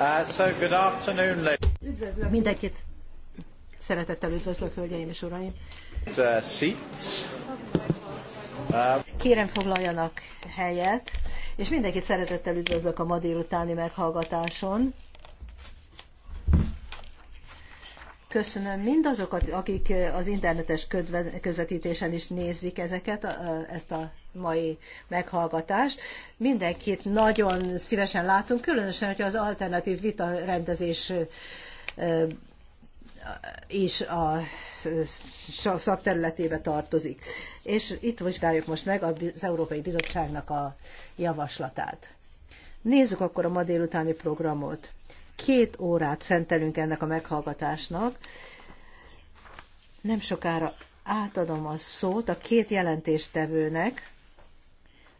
Uh, Üdvözlöm mindenkit. Szeretettel üdvözlök, hölgyeim és uraim. Uh, uh, Kérem foglaljanak helyet, és mindenkit szeretettel üdvözlök a ma délutáni meghallgatáson. köszönöm mindazokat, akik az internetes közvetítésen is nézik ezeket, ezt a mai meghallgatást. Mindenkit nagyon szívesen látunk, különösen, hogyha az alternatív vita rendezés is a szakterületébe tartozik. És itt vizsgáljuk most meg az Európai Bizottságnak a javaslatát. Nézzük akkor a ma délutáni programot két órát szentelünk ennek a meghallgatásnak. Nem sokára átadom a szót a két jelentéstevőnek,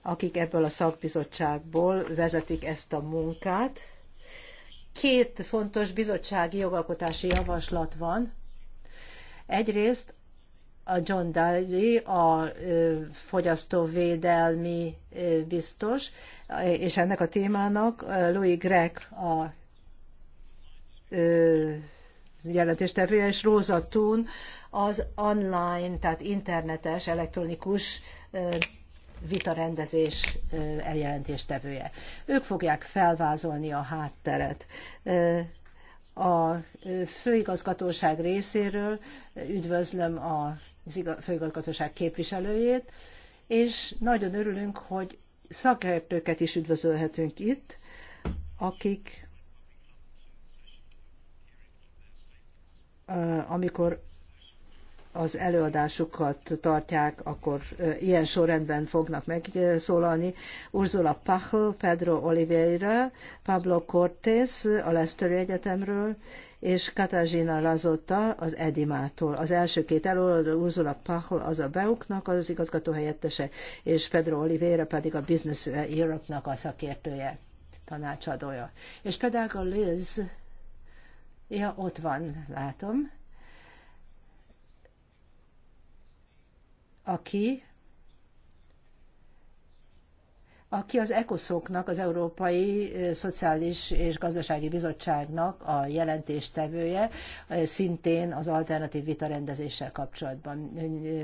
akik ebből a szakbizottságból vezetik ezt a munkát. Két fontos bizottsági jogalkotási javaslat van. Egyrészt a John Daly, a fogyasztóvédelmi biztos, és ennek a témának Louis Gregg a jelentéstevője, és Róza Thun az online, tehát internetes, elektronikus vitarendezés eljelentéstevője. Ők fogják felvázolni a hátteret. A főigazgatóság részéről üdvözlöm a főigazgatóság képviselőjét, és nagyon örülünk, hogy szakértőket is üdvözölhetünk itt, akik amikor az előadásukat tartják, akkor ilyen sorrendben fognak megszólalni. Ursula Pachl, Pedro Oliveira, Pablo Cortés a Leicesteri Egyetemről, és Katarzyna Lazotta az Edimától. Az első két előadó Ursula Pachl az a Beuknak az igazgató helyettese, és Pedro Oliveira pedig a Business Europe-nak a szakértője, tanácsadója. És például Liz Ja, ott van, látom. Aki aki az ECOSZOK-nak, az Európai Szociális és Gazdasági Bizottságnak a jelentéstevője, szintén az alternatív vita rendezéssel kapcsolatban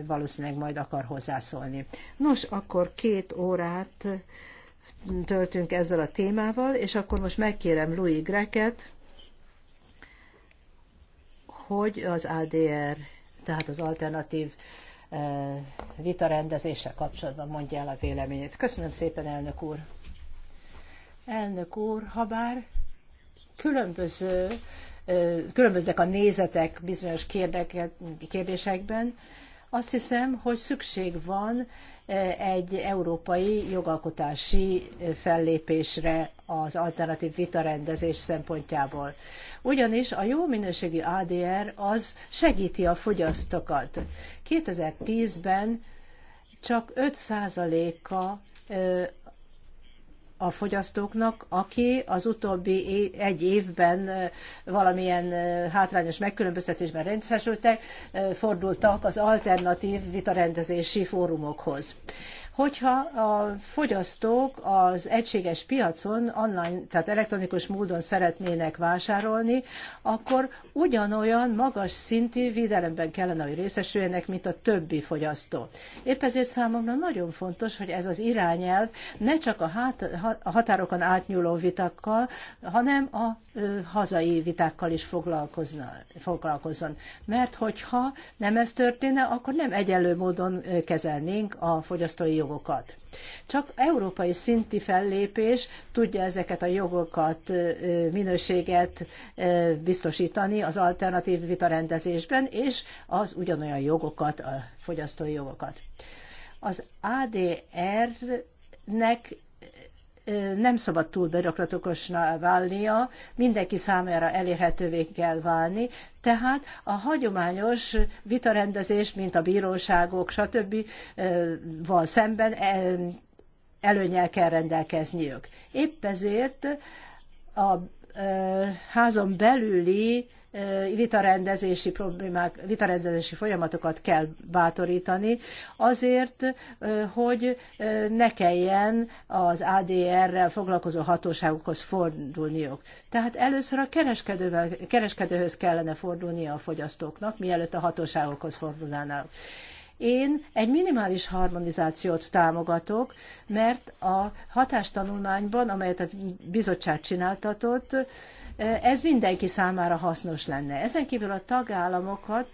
valószínűleg majd akar hozzászólni. Nos, akkor két órát töltünk ezzel a témával, és akkor most megkérem Louis Greket, hogy az ADR, tehát az alternatív eh, rendezése kapcsolatban mondja el a véleményét. Köszönöm szépen, elnök úr! Elnök úr, ha bár különböző, eh, különböznek a nézetek bizonyos kérdésekben, azt hiszem, hogy szükség van egy európai jogalkotási fellépésre az alternatív vitarendezés szempontjából. Ugyanis a jó minőségi ADR az segíti a fogyasztókat. 2010-ben csak 5%-a a fogyasztóknak, aki az utóbbi egy évben valamilyen hátrányos megkülönböztetésben rendszeresültek, fordultak az alternatív vitarendezési fórumokhoz hogyha a fogyasztók az egységes piacon online, tehát elektronikus módon szeretnének vásárolni, akkor ugyanolyan magas szintű védelemben kellene, hogy részesüljenek, mint a többi fogyasztó. Épp ezért számomra nagyon fontos, hogy ez az irányelv ne csak a, hát, határokon átnyúló vitákkal, hanem a hazai vitákkal is foglalkozzon. Mert hogyha nem ez történne, akkor nem egyenlő módon kezelnénk a fogyasztói jogokat. Csak európai szinti fellépés tudja ezeket a jogokat, minőséget biztosítani az alternatív vitarendezésben, és az ugyanolyan jogokat, a fogyasztói jogokat. Az ADR nek nem szabad túl bürokratikusan válnia, mindenki számára elérhetővé kell válni, tehát a hagyományos vitarendezés, mint a bíróságok, stb. val szemben e, előnyel kell rendelkezniük. Épp ezért a házon belüli vitarendezési problémák, vitarendezési folyamatokat kell bátorítani, azért, hogy ne kelljen az ADR-rel foglalkozó hatóságokhoz fordulniuk. Tehát először a kereskedőhöz kellene fordulnia a fogyasztóknak, mielőtt a hatóságokhoz fordulnának. Én egy minimális harmonizációt támogatok, mert a hatástanulmányban, amelyet a bizottság csináltatott, ez mindenki számára hasznos lenne. Ezen kívül a tagállamokat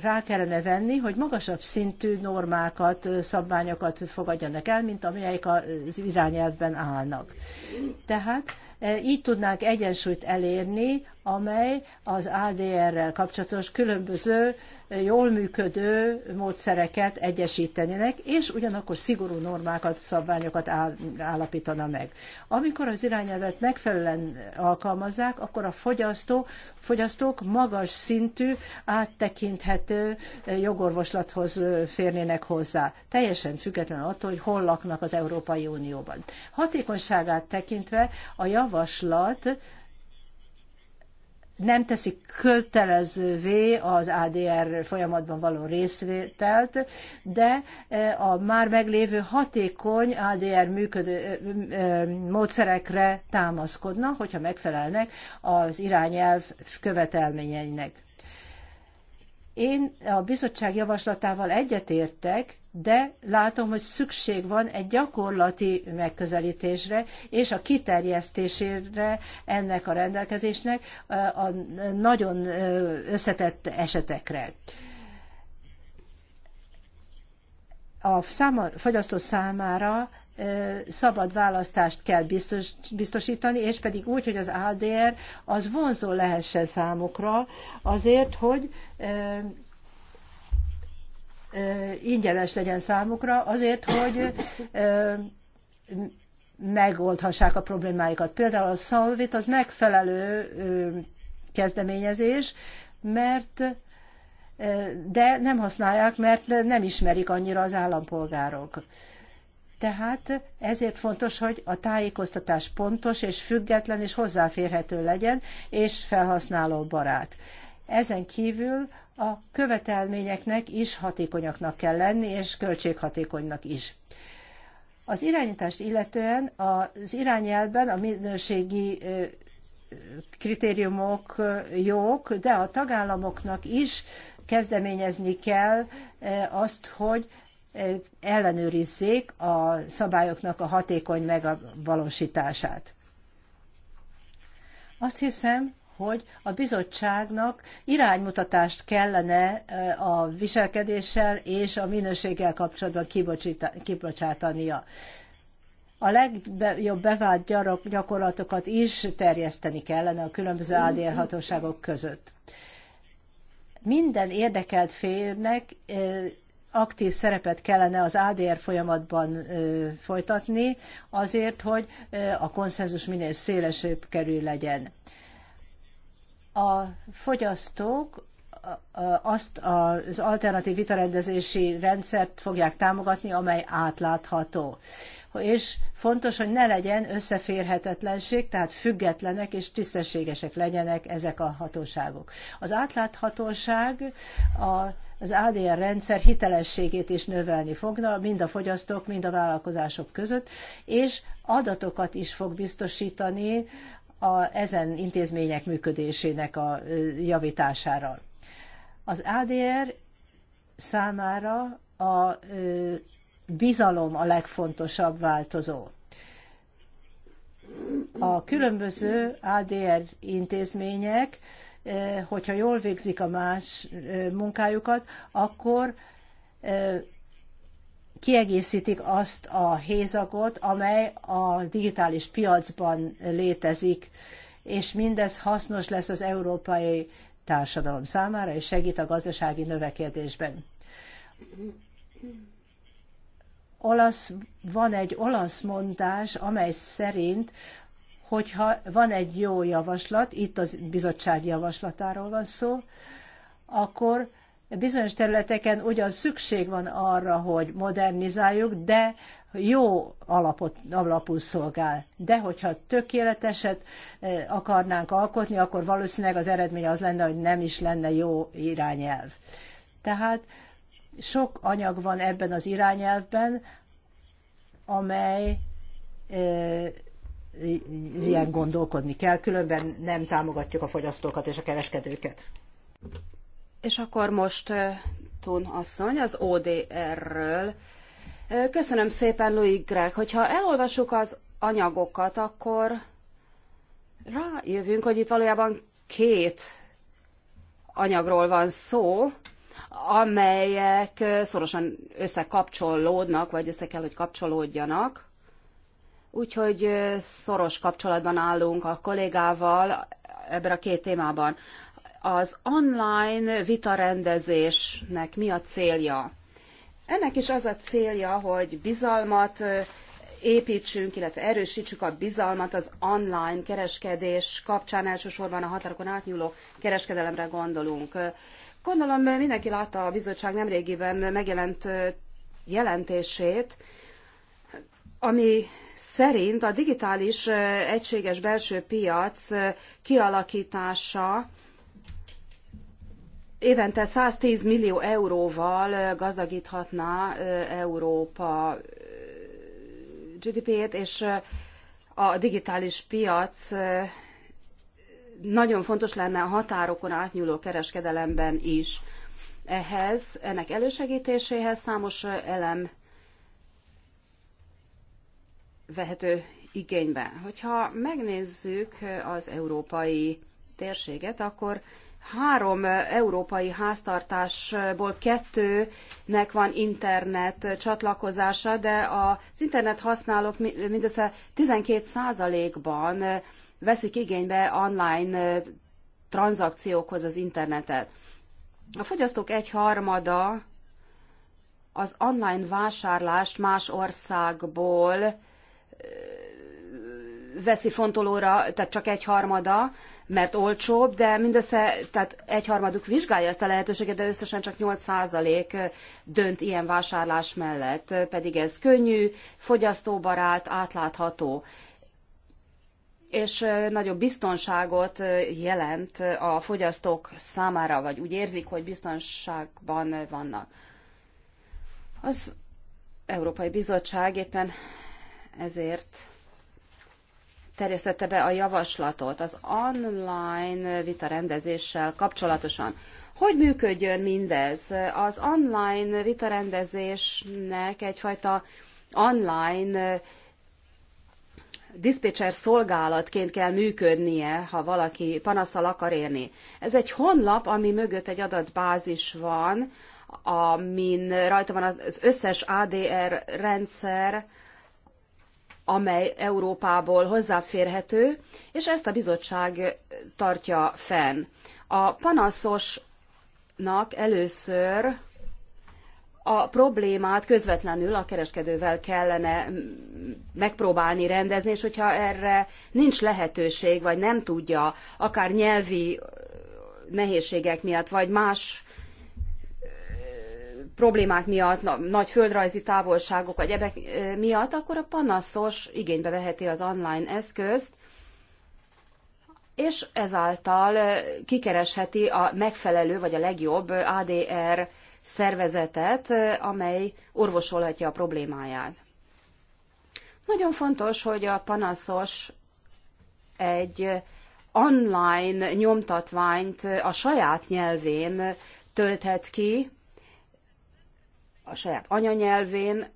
rá kellene venni, hogy magasabb szintű normákat, szabványokat fogadjanak el, mint amelyek az irányelvben állnak. Tehát E, így tudnánk egyensúlyt elérni, amely az ADR-rel kapcsolatos különböző e, jól működő módszereket egyesítenének, és ugyanakkor szigorú normákat, szabványokat állapítana meg. Amikor az irányelvet megfelelően alkalmazzák, akkor a fogyasztó, fogyasztók magas szintű, áttekinthető e, jogorvoslathoz férnének hozzá, teljesen független attól, hogy hol laknak az Európai Unióban. Hatékonyságát tekintve a jav javaslat nem teszi kötelezővé az ADR folyamatban való részvételt, de eh, a már meglévő hatékony ADR működő eh, eh, módszerekre támaszkodna, hogyha megfelelnek az irányelv követelményeinek. Én a bizottság javaslatával egyetértek, de látom, hogy szükség van egy gyakorlati megközelítésre és a kiterjesztésére ennek a rendelkezésnek a nagyon összetett esetekre. A száma, fogyasztó számára szabad választást kell biztos, biztosítani, és pedig úgy, hogy az ADR az vonzó lehessen számukra azért, hogy ingyenes legyen számukra, azért, hogy megoldhassák a problémáikat. Például a Solvit az megfelelő kezdeményezés, mert de nem használják, mert nem ismerik annyira az állampolgárok. Tehát ezért fontos, hogy a tájékoztatás pontos és független és hozzáférhető legyen, és felhasználó barát. Ezen kívül a követelményeknek is hatékonyaknak kell lenni, és költséghatékonynak is. Az irányítást illetően az irányelben a minőségi kritériumok jók, de a tagállamoknak is kezdeményezni kell azt, hogy ellenőrizzék a szabályoknak a hatékony megvalósítását. Azt hiszem, hogy a bizottságnak iránymutatást kellene eh, a viselkedéssel és a minőséggel kapcsolatban kibocsátania. A legjobb bevált gyakorlatokat is terjeszteni kellene a különböző ADR hatóságok között. Minden érdekelt félnek eh, aktív szerepet kellene az ADR folyamatban eh, folytatni, azért, hogy a konszenzus minél szélesebb kerül legyen a fogyasztók azt az alternatív vitarendezési rendszert fogják támogatni, amely átlátható. És fontos, hogy ne legyen összeférhetetlenség, tehát függetlenek és tisztességesek legyenek ezek a hatóságok. Az átláthatóság a az ADR rendszer hitelességét is növelni fogna, mind a fogyasztók, mind a vállalkozások között, és adatokat is fog biztosítani a, ezen intézmények működésének a javítására. Az ADR számára a bizalom a legfontosabb változó. A különböző ADR intézmények, hogyha jól végzik a más munkájukat, akkor kiegészítik azt a hézagot, amely a digitális piacban létezik, és mindez hasznos lesz az európai társadalom számára, és segít a gazdasági növekedésben. Olasz, van egy olasz mondás, amely szerint, hogyha van egy jó javaslat, itt a bizottság javaslatáról van szó, akkor Bizonyos területeken ugyan szükség van arra, hogy modernizáljuk, de jó alapot, alapul szolgál. De hogyha tökéleteset eh, akarnánk alkotni, akkor valószínűleg az eredmény az lenne, hogy nem is lenne jó irányelv. Tehát sok anyag van ebben az irányelvben, amely eh, ilyen gondolkodni kell, különben nem támogatjuk a fogyasztókat és a kereskedőket. És akkor most Tun asszony az ODR-ről. Köszönöm szépen, Louis Greg. Hogyha elolvassuk az anyagokat, akkor rájövünk, hogy itt valójában két anyagról van szó, amelyek szorosan összekapcsolódnak, vagy össze kell, hogy kapcsolódjanak. Úgyhogy szoros kapcsolatban állunk a kollégával ebben a két témában az online vitarendezésnek mi a célja. Ennek is az a célja, hogy bizalmat építsünk, illetve erősítsük a bizalmat az online kereskedés kapcsán, elsősorban a határokon átnyúló kereskedelemre gondolunk. Gondolom mindenki látta a bizottság nemrégiben megjelent jelentését, ami szerint a digitális egységes belső piac kialakítása évente 110 millió euróval gazdagíthatná Európa GDP-jét, és a digitális piac nagyon fontos lenne a határokon átnyúló kereskedelemben is. Ehhez, ennek elősegítéséhez számos elem vehető igénybe. Hogyha megnézzük az európai térséget, akkor három európai háztartásból kettőnek van internet csatlakozása, de az internet használók mindössze 12%-ban veszik igénybe online tranzakciókhoz az internetet. A fogyasztók egy harmada az online vásárlást más országból veszi fontolóra, tehát csak egy harmada, mert olcsóbb, de mindössze, tehát egyharmaduk vizsgálja ezt a lehetőséget, de összesen csak 8% dönt ilyen vásárlás mellett, pedig ez könnyű, fogyasztóbarát, átlátható és nagyobb biztonságot jelent a fogyasztók számára, vagy úgy érzik, hogy biztonságban vannak. Az Európai Bizottság éppen ezért terjesztette be a javaslatot az online vitarendezéssel kapcsolatosan. Hogy működjön mindez? Az online rendezésnek egyfajta online eh, dispatcher szolgálatként kell működnie, ha valaki panaszsal akar érni. Ez egy honlap, ami mögött egy adatbázis van, amin rajta van az összes ADR rendszer, amely Európából hozzáférhető, és ezt a bizottság tartja fenn. A panaszosnak először a problémát közvetlenül a kereskedővel kellene megpróbálni rendezni, és hogyha erre nincs lehetőség, vagy nem tudja, akár nyelvi nehézségek miatt, vagy más problémák miatt, nagy földrajzi távolságok vagy ebek miatt, akkor a panaszos igénybe veheti az online eszközt, és ezáltal kikeresheti a megfelelő vagy a legjobb ADR szervezetet, amely orvosolhatja a problémáját. Nagyon fontos, hogy a panaszos egy online nyomtatványt a saját nyelvén tölthet ki, a saját anyanyelvén,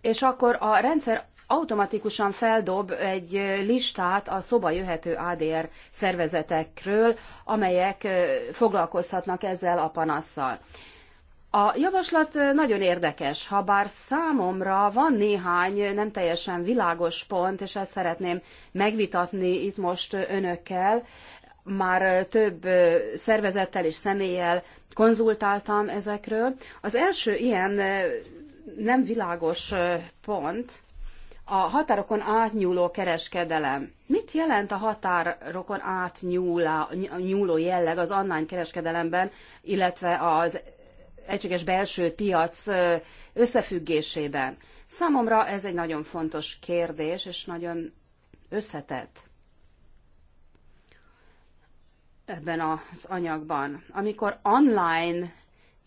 és akkor a rendszer automatikusan feldob egy listát a szoba jöhető ADR szervezetekről, amelyek foglalkozhatnak ezzel a panasszal. A javaslat nagyon érdekes, ha bár számomra van néhány nem teljesen világos pont, és ezt szeretném megvitatni itt most önökkel már több szervezettel és személlyel konzultáltam ezekről. Az első ilyen nem világos pont a határokon átnyúló kereskedelem. Mit jelent a határokon átnyúló jelleg az online kereskedelemben, illetve az egységes belső piac összefüggésében? Számomra ez egy nagyon fontos kérdés, és nagyon összetett ebben az anyagban. Amikor online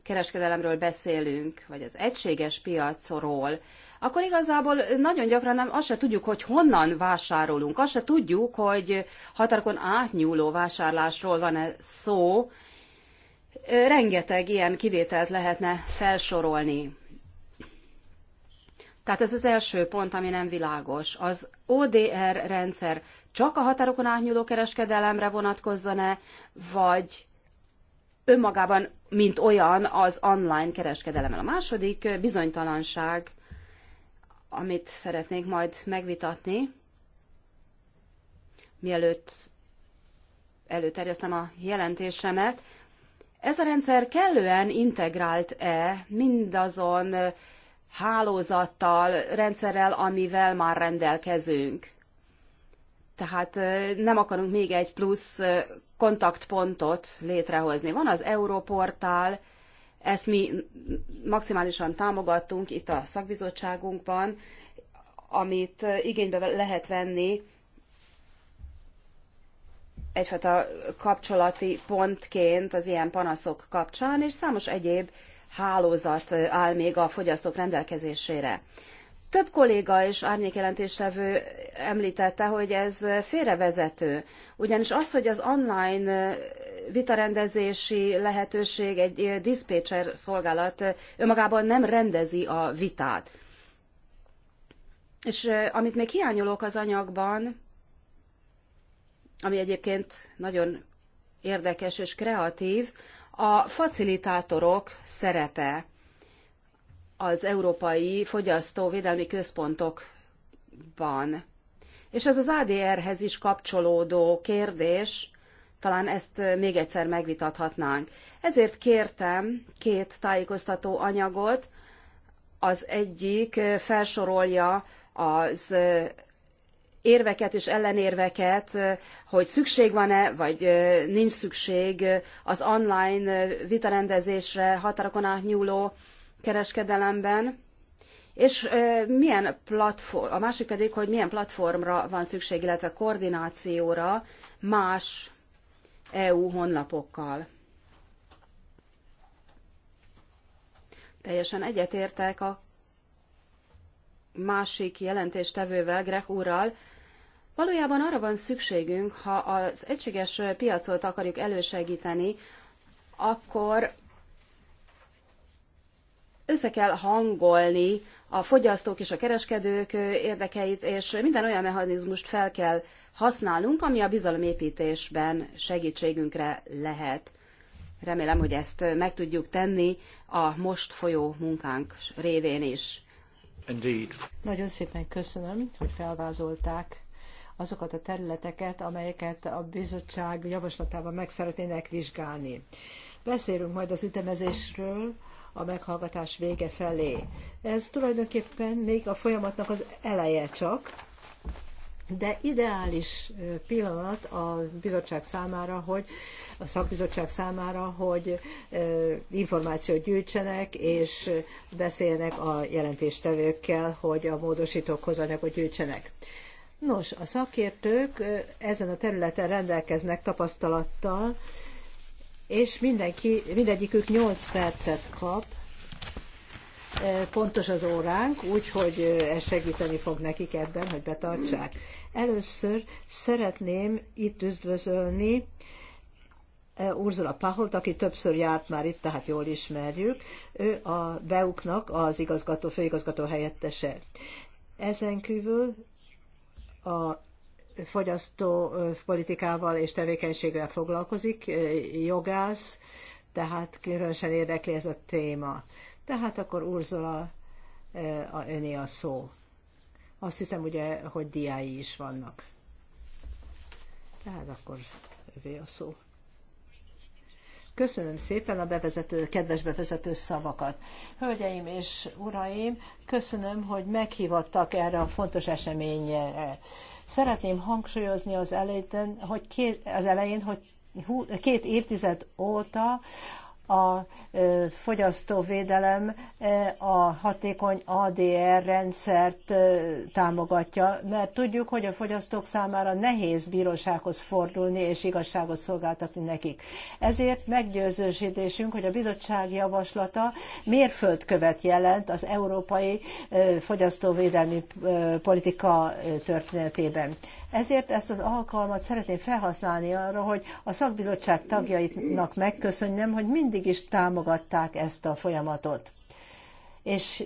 kereskedelemről beszélünk, vagy az egységes piacról, akkor igazából nagyon gyakran nem, azt se tudjuk, hogy honnan vásárolunk, azt se tudjuk, hogy határokon átnyúló vásárlásról van-e szó. Rengeteg ilyen kivételt lehetne felsorolni. Tehát ez az első pont, ami nem világos. Az ODR rendszer csak a határokon átnyúló kereskedelemre vonatkozzon-e, vagy önmagában, mint olyan, az online kereskedelemre. A második bizonytalanság, amit szeretnék majd megvitatni, mielőtt előterjesztem a jelentésemet, ez a rendszer kellően integrált-e mindazon hálózattal, rendszerrel, amivel már rendelkezünk. Tehát nem akarunk még egy plusz kontaktpontot létrehozni. Van az Európortál, ezt mi maximálisan támogattunk itt a szakbizottságunkban, amit igénybe lehet venni egyfajta kapcsolati pontként az ilyen panaszok kapcsán, és számos egyéb hálózat áll még a fogyasztók rendelkezésére. Több kolléga és árnyékjelentéstevő említette, hogy ez félrevezető, ugyanis az, hogy az online vitarendezési lehetőség egy dispatcher szolgálat önmagában nem rendezi a vitát. És amit még hiányolok az anyagban, ami egyébként nagyon érdekes és kreatív, a facilitátorok szerepe az Európai Fogyasztóvédelmi Központokban. És ez az ADR-hez is kapcsolódó kérdés, talán ezt még egyszer megvitathatnánk. Ezért kértem két tájékoztató anyagot, az egyik felsorolja az érveket és ellenérveket, hogy szükség van-e, vagy nincs szükség az online vitarendezésre, határokon átnyúló kereskedelemben, és milyen platform, a másik pedig, hogy milyen platformra van szükség, illetve koordinációra más EU honlapokkal. Teljesen egyetértek a másik jelentéstevővel, Greg úrral, Valójában arra van szükségünk, ha az egységes piacot akarjuk elősegíteni, akkor össze kell hangolni a fogyasztók és a kereskedők érdekeit, és minden olyan mechanizmust fel kell használnunk, ami a bizalomépítésben segítségünkre lehet. Remélem, hogy ezt meg tudjuk tenni a most folyó munkánk révén is. Indeed. Nagyon szépen köszönöm, hogy felvázolták azokat a területeket, amelyeket a bizottság javaslatában meg szeretnének vizsgálni. Beszélünk majd az ütemezésről a meghallgatás vége felé. Ez tulajdonképpen még a folyamatnak az eleje csak, de ideális pillanat a bizottság számára, hogy a szakbizottság számára, hogy információt gyűjtsenek, és beszéljenek a jelentéstevőkkel, hogy a módosítókhoz anyagot gyűjtsenek. Nos, a szakértők ezen a területen rendelkeznek tapasztalattal, és mindenki, mindegyikük 8 percet kap, pontos az óránk, úgyhogy ez segíteni fog nekik ebben, hogy betartsák. Először szeretném itt üdvözölni Urzula Paholt, aki többször járt már itt, tehát jól ismerjük. Ő a Beuknak az igazgató, főigazgató helyettese. Ezen kívül a fogyasztó politikával és tevékenységgel foglalkozik, jogász, tehát különösen érdekli ez a téma. Tehát akkor Urzola a, öné a szó. Azt hiszem ugye, hogy diái is vannak. Tehát akkor övé a szó. Köszönöm szépen a bevezető, kedves bevezető szavakat. Hölgyeim és uraim, köszönöm, hogy meghívattak erre a fontos eseményre. Szeretném hangsúlyozni az elején, hogy két, az elején, hogy két évtized óta a fogyasztóvédelem a hatékony ADR rendszert támogatja, mert tudjuk, hogy a fogyasztók számára nehéz bírósághoz fordulni és igazságot szolgáltatni nekik. Ezért meggyőződésünk, hogy a bizottság javaslata mérföldkövet jelent az európai fogyasztóvédelmi politika történetében. Ezért ezt az alkalmat szeretném felhasználni arra, hogy a szakbizottság tagjainak megköszönjem, hogy mindig is támogatták ezt a folyamatot. És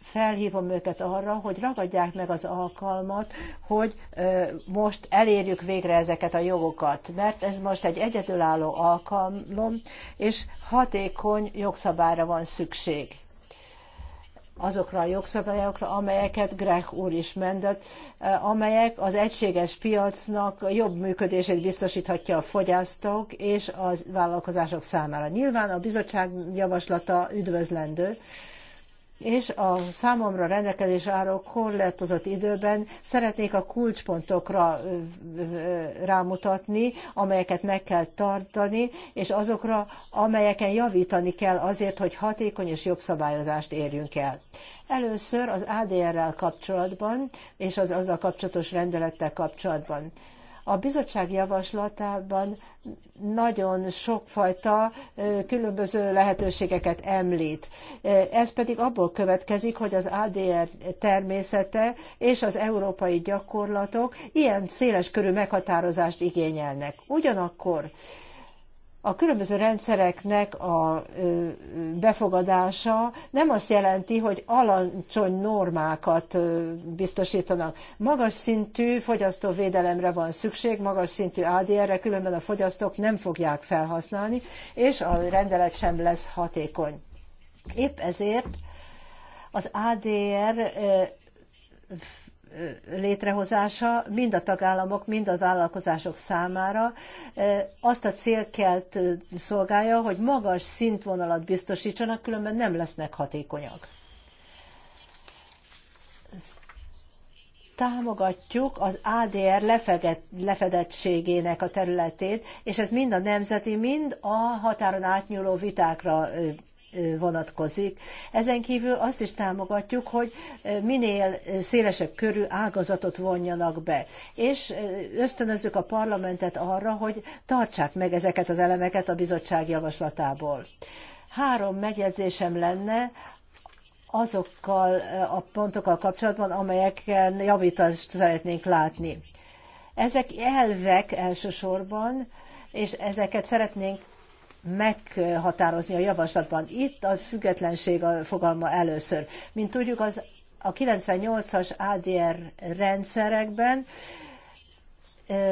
felhívom őket arra, hogy ragadják meg az alkalmat, hogy most elérjük végre ezeket a jogokat, mert ez most egy egyedülálló alkalom, és hatékony jogszabályra van szükség azokra a jogszabályokra, amelyeket Greg úr is mentett, eh, amelyek az egységes piacnak jobb működését biztosíthatja a fogyasztók és a vállalkozások számára. Nyilván a bizottság javaslata üdvözlendő, és a számomra rendelkezés álló korlátozott időben szeretnék a kulcspontokra rámutatni, amelyeket meg kell tartani, és azokra, amelyeken javítani kell azért, hogy hatékony és jobb szabályozást érjünk el. Először az ADR-rel kapcsolatban, és az azzal kapcsolatos rendelettel kapcsolatban a bizottság javaslatában nagyon sokfajta különböző lehetőségeket említ. Ez pedig abból következik, hogy az ADR természete és az európai gyakorlatok ilyen széles körű meghatározást igényelnek. Ugyanakkor a különböző rendszereknek a befogadása nem azt jelenti, hogy alacsony normákat biztosítanak. Magas szintű fogyasztóvédelemre van szükség, magas szintű ADR-re, különben a fogyasztók nem fogják felhasználni, és a rendelet sem lesz hatékony. Épp ezért az ADR létrehozása mind a tagállamok, mind a vállalkozások számára azt a cél kell szolgálja, hogy magas szintvonalat biztosítsanak, különben nem lesznek hatékonyak. Támogatjuk az ADR lefedettségének a területét, és ez mind a nemzeti, mind a határon átnyúló vitákra vonatkozik. Ezen kívül azt is támogatjuk, hogy minél szélesebb körű ágazatot vonjanak be, és ösztönözzük a parlamentet arra, hogy tartsák meg ezeket az elemeket a bizottság javaslatából. Három megjegyzésem lenne azokkal a pontokkal kapcsolatban, amelyeken javítást szeretnénk látni. Ezek elvek elsősorban, és ezeket szeretnénk meghatározni a javaslatban. Itt a függetlenség a fogalma először. Mint tudjuk, az a 98-as ADR rendszerekben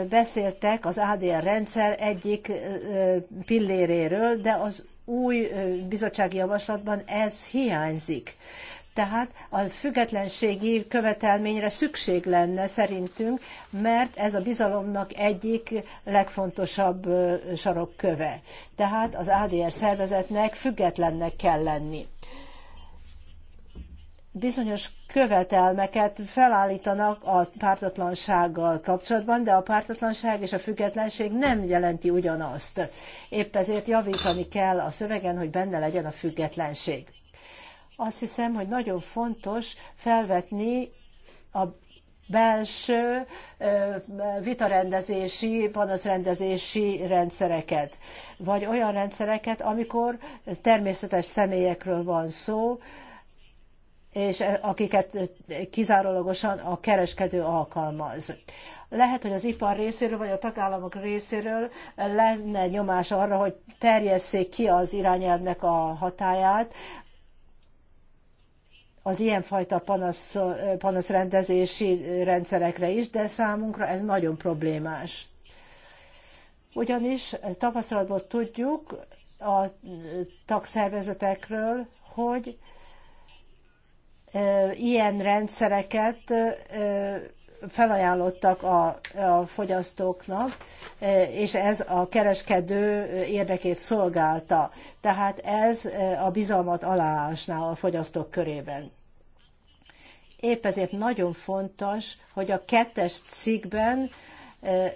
beszéltek az ADR rendszer egyik pilléréről, de az új bizottsági javaslatban ez hiányzik. Tehát a függetlenségi követelményre szükség lenne szerintünk, mert ez a bizalomnak egyik legfontosabb sarokköve. Tehát az ADR szervezetnek függetlennek kell lenni bizonyos követelmeket felállítanak a pártatlansággal kapcsolatban, de a pártatlanság és a függetlenség nem jelenti ugyanazt. Épp ezért javítani kell a szövegen, hogy benne legyen a függetlenség. Azt hiszem, hogy nagyon fontos felvetni a belső vitarendezési, panaszrendezési rendszereket, vagy olyan rendszereket, amikor természetes személyekről van szó, és e, akiket kizárólagosan a kereskedő alkalmaz. Lehet, hogy az ipar részéről, vagy a tagállamok részéről lenne nyomás arra, hogy terjesszék ki az irányelvnek a hatáját, az ilyenfajta panasz, panaszrendezési rendszerekre is, de számunkra ez nagyon problémás. Ugyanis tapasztalatból tudjuk a tagszervezetekről, hogy ilyen rendszereket felajánlottak a, a fogyasztóknak, e, és ez a kereskedő érdekét szolgálta. Tehát ez e, a bizalmat aláásná a fogyasztók körében. Épp ezért nagyon fontos, hogy a kettes cikkben e,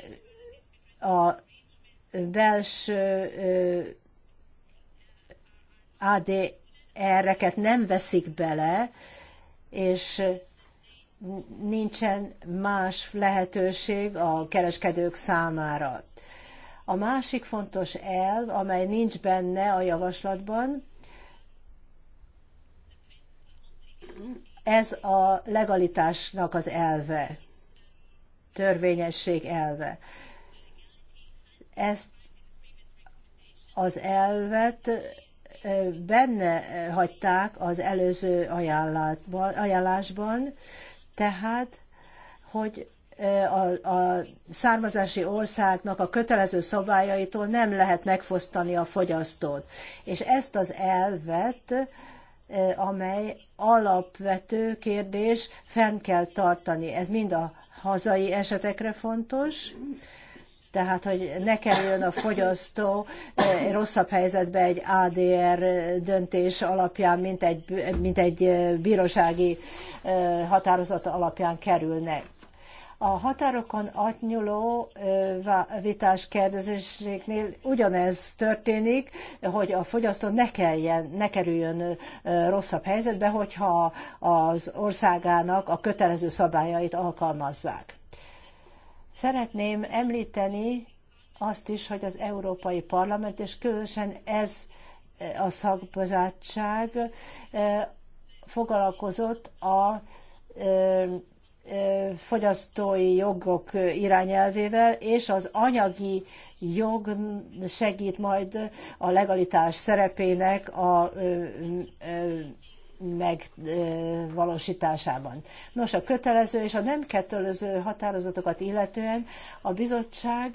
a belső ADR-eket nem veszik bele, és nincsen más lehetőség a kereskedők számára. A másik fontos elv, amely nincs benne a javaslatban, ez a legalitásnak az elve, törvényesség elve. Ezt az elvet benne hagyták az előző ajánlásban, tehát, hogy a, a származási országnak a kötelező szabályaitól nem lehet megfosztani a fogyasztót. És ezt az elvet, amely alapvető kérdés, fenn kell tartani. Ez mind a hazai esetekre fontos, tehát hogy ne kerüljön a fogyasztó eh, rosszabb helyzetbe egy ADR döntés alapján, mint egy, mint egy eh, bírósági eh, határozat alapján kerülne. A határokon átnyúló vitás kérdezéséknél ugyanez történik, hogy a fogyasztó ne, kelljen, ne kerüljön rosszabb helyzetbe, hogyha az országának a kötelező szabályait alkalmazzák Szeretném említeni azt is, hogy az Európai Parlament, és különösen ez eh, a szakbizottság eh, foglalkozott a eh, fogyasztói jogok irányelvével, és az anyagi jog segít majd a legalitás szerepének a megvalósításában. Nos, a kötelező és a nem kötelező határozatokat illetően a bizottság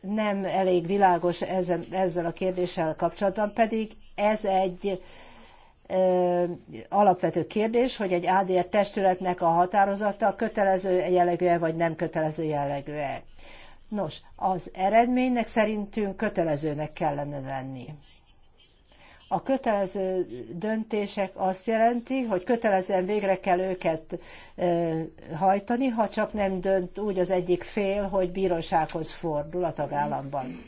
nem elég világos ezen, ezzel a kérdéssel kapcsolatban, pedig ez egy ö, alapvető kérdés, hogy egy ADR testületnek a határozata kötelező jellegű-e, vagy nem kötelező jellegű-e. Nos, az eredménynek szerintünk kötelezőnek kellene lenni. A kötelező döntések azt jelenti, hogy kötelezően végre kell őket hajtani, ha csak nem dönt úgy az egyik fél, hogy bírósághoz fordul a tagállamban.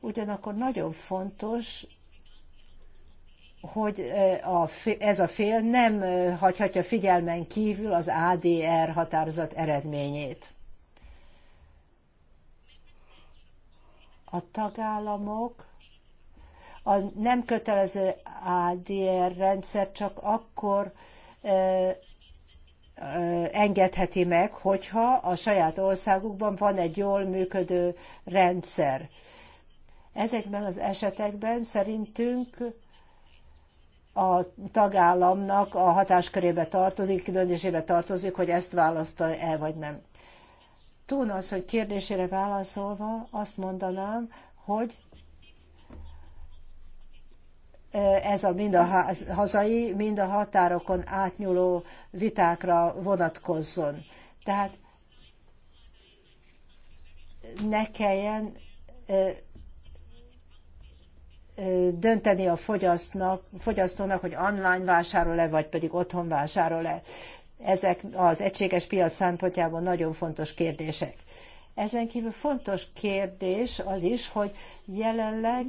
Ugyanakkor nagyon fontos, hogy a, ez a fél nem hagyhatja figyelmen kívül az ADR határozat eredményét. A tagállamok a nem kötelező ADR rendszer csak akkor engedheti meg, hogyha a saját országukban van egy jól működő rendszer. Ezekben az esetekben szerintünk a tagállamnak a hatáskörébe tartozik, döntésébe tartozik, hogy ezt választa el vagy nem. Tónasz, hogy kérdésére válaszolva azt mondanám, hogy ez a mind a hazai, mind a határokon átnyúló vitákra vonatkozzon. Tehát ne kelljen dönteni a fogyasztónak, hogy online vásárol-e, vagy pedig otthon vásárol-e. Ezek az egységes piac szempontjából nagyon fontos kérdések. Ezen kívül fontos kérdés az is, hogy jelenleg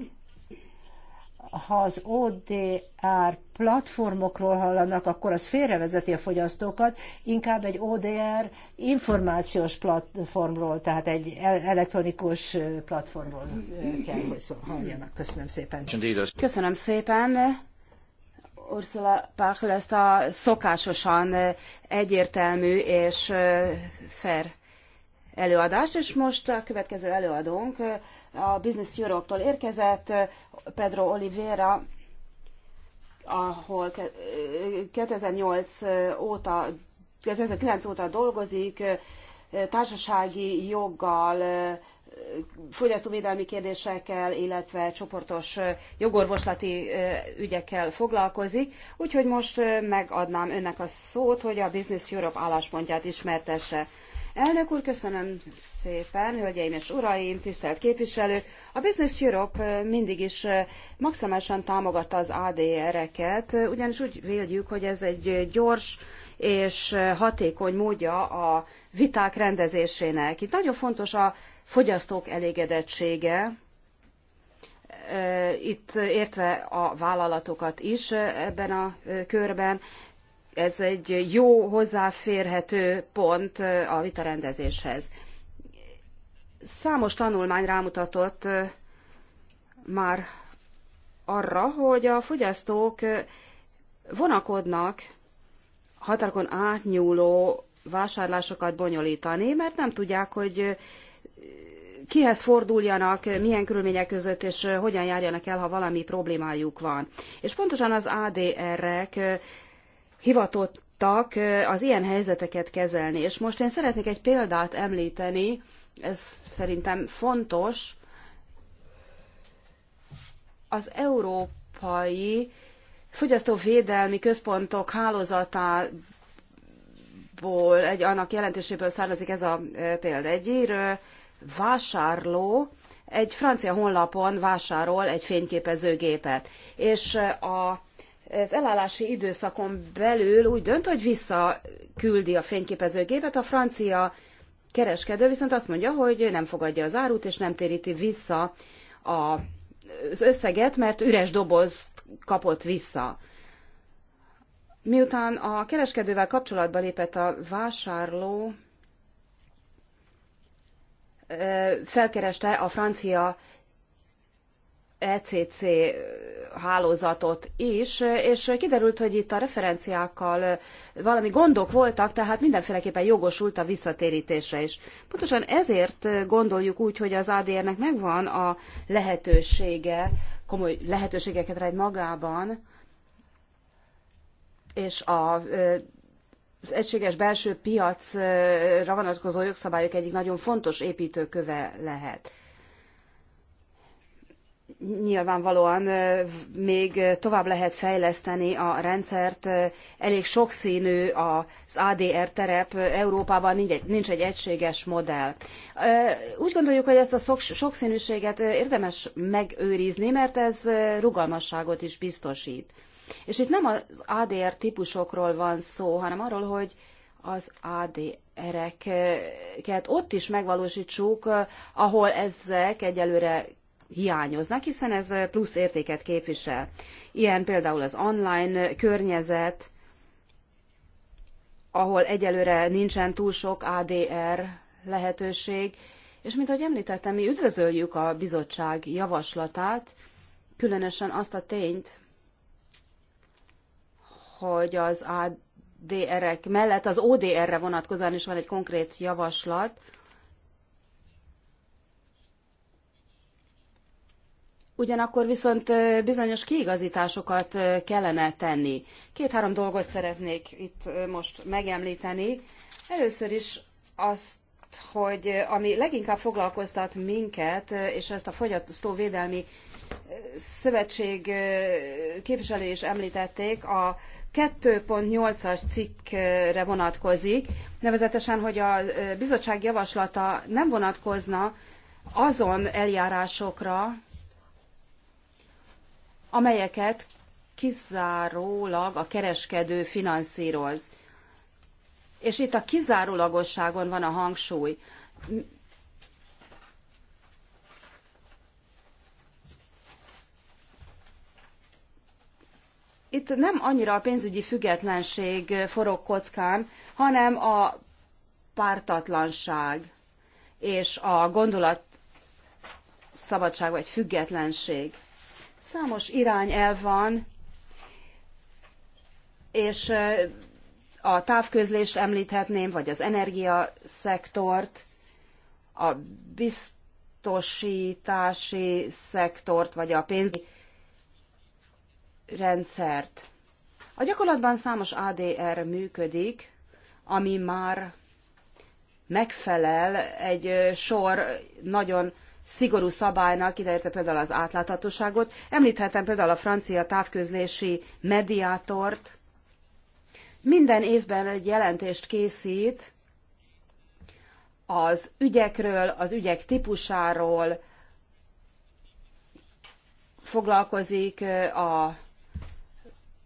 ha az ODR platformokról hallanak, akkor az félrevezeti a fogyasztókat, inkább egy ODR információs platformról, tehát egy elektronikus platformról kell, hogy halljanak. Köszönöm szépen. Köszönöm szépen. Ursula Pachl ezt a szokásosan egyértelmű és fair előadást, és most a következő előadónk a Business Europe-tól érkezett, eh, Pedro Oliveira, ahol 2008 eh, eh, óta, 2009 óta dolgozik, társasági joggal, fogyasztóvédelmi kérdésekkel, illetve csoportos jogorvoslati ügyekkel foglalkozik. Úgyhogy most megadnám önnek a szót, hogy a Business Europe álláspontját ismertesse. Elnök úr, köszönöm szépen, hölgyeim és uraim, tisztelt képviselők! A Business Europe mindig is maximálisan támogatta az ADR-eket, ugyanis úgy véljük, hogy ez egy gyors és hatékony módja a viták rendezésének. Itt nagyon fontos a fogyasztók elégedettsége, itt értve a vállalatokat is ebben a körben, ez egy jó, hozzáférhető pont eh, a vitarendezéshez. Számos tanulmány rámutatott eh, már arra, hogy a fogyasztók eh, vonakodnak határokon átnyúló vásárlásokat bonyolítani, mert nem tudják, hogy kihez forduljanak, milyen körülmények között, és hogyan járjanak el, ha valami problémájuk van. És pontosan az ADR-ek hivatottak az ilyen helyzeteket kezelni. És most én szeretnék egy példát említeni, ez szerintem fontos. Az európai fogyasztóvédelmi központok hálózatából, egy, annak jelentéséből származik ez a példa. Egy ír vásárló egy francia honlapon vásárol egy fényképezőgépet, és a az elállási időszakon belül úgy dönt, hogy visszaküldi a fényképezőgépet. A francia kereskedő viszont azt mondja, hogy nem fogadja az árut, és nem téríti vissza a, az összeget, mert üres doboz kapott vissza. Miután a kereskedővel kapcsolatba lépett a vásárló, felkereste a francia ECC hálózatot is, és kiderült, hogy itt a referenciákkal valami gondok voltak, tehát mindenféleképpen jogosult a visszatérítésre is. Pontosan ezért gondoljuk úgy, hogy az ADR-nek megvan a lehetősége, komoly lehetőségeket rejt magában, és a, az egységes belső piacra vonatkozó jogszabályok egyik nagyon fontos építőköve lehet nyilvánvalóan még tovább lehet fejleszteni a rendszert. Elég sokszínű az ADR terep, Európában nincs egy egységes modell. Úgy gondoljuk, hogy ezt a sokszínűséget érdemes megőrizni, mert ez rugalmasságot is biztosít. És itt nem az ADR típusokról van szó, hanem arról, hogy az ADR-eket ott is megvalósítsuk, ahol ezek egyelőre hiányoznak, hiszen ez plusz értéket képvisel. Ilyen például az online környezet, ahol egyelőre nincsen túl sok ADR lehetőség, és mint ahogy említettem, mi üdvözöljük a bizottság javaslatát, különösen azt a tényt, hogy az ADR-ek mellett az ODR-re vonatkozóan is van egy konkrét javaslat, Ugyanakkor viszont bizonyos kiigazításokat kellene tenni. Két-három dolgot szeretnék itt most megemlíteni. Először is azt, hogy ami leginkább foglalkoztat minket, és ezt a Fogyasztóvédelmi Szövetség képviselői is említették, a 2.8-as cikkre vonatkozik, nevezetesen, hogy a bizottság javaslata nem vonatkozna azon eljárásokra, amelyeket kizárólag a kereskedő finanszíroz. És itt a kizárólagosságon van a hangsúly. Itt nem annyira a pénzügyi függetlenség forog kockán, hanem a pártatlanság és a gondolat szabadság vagy függetlenség. Számos irányelv van, és a távközlést említhetném, vagy az energiaszektort, a biztosítási szektort, vagy a pénzügyi rendszert. A gyakorlatban számos ADR működik, ami már megfelel egy sor nagyon szigorú szabálynak, ideértve például az átláthatóságot. Említhetem például a francia távközlési mediátort. Minden évben egy jelentést készít az ügyekről, az ügyek típusáról, foglalkozik a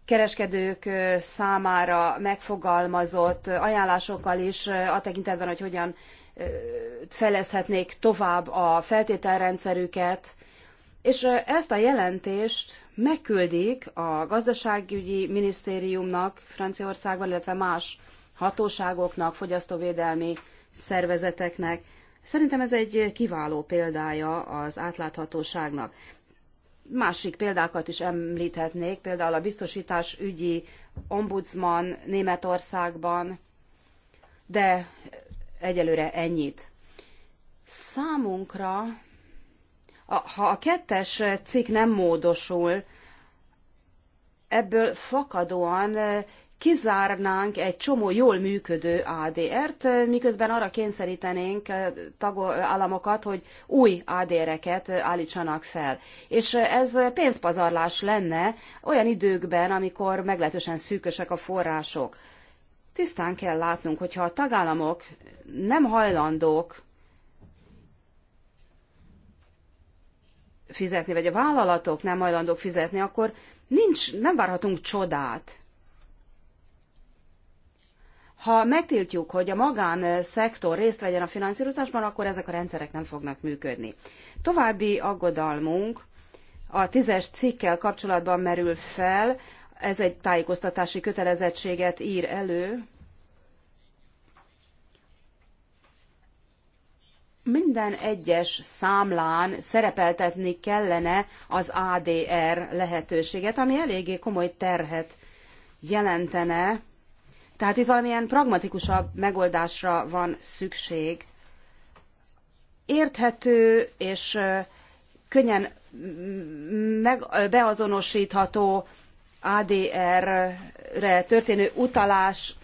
kereskedők számára megfogalmazott ajánlásokkal is a tekintetben, hogy hogyan fejleszthetnék tovább a feltételrendszerüket, és ezt a jelentést megküldik a gazdaságügyi minisztériumnak Franciaországban, illetve más hatóságoknak, fogyasztóvédelmi szervezeteknek. Szerintem ez egy kiváló példája az átláthatóságnak. Másik példákat is említhetnék, például a biztosítás ügyi ombudsman Németországban, de egyelőre ennyit. Számunkra, ha a kettes cikk nem módosul, ebből fakadóan eh, kizárnánk egy csomó jól működő ADR-t, eh, miközben arra kényszerítenénk eh, államokat, hogy új ADR-eket állítsanak fel. És ez pénzpazarlás lenne olyan időkben, amikor meglehetősen szűkösek a források tisztán kell látnunk, hogyha a tagállamok nem hajlandók fizetni, vagy a vállalatok nem hajlandók fizetni, akkor nincs, nem várhatunk csodát. Ha megtiltjuk, hogy a magánszektor részt vegyen a finanszírozásban, akkor ezek a rendszerek nem fognak működni. További aggodalmunk a tízes cikkel kapcsolatban merül fel, ez egy tájékoztatási kötelezettséget ír elő. Minden egyes számlán szerepeltetni kellene az ADR lehetőséget, ami eléggé komoly terhet jelentene. Tehát itt valamilyen pragmatikusabb megoldásra van szükség. Érthető és könnyen meg, beazonosítható ADR-re történő utalás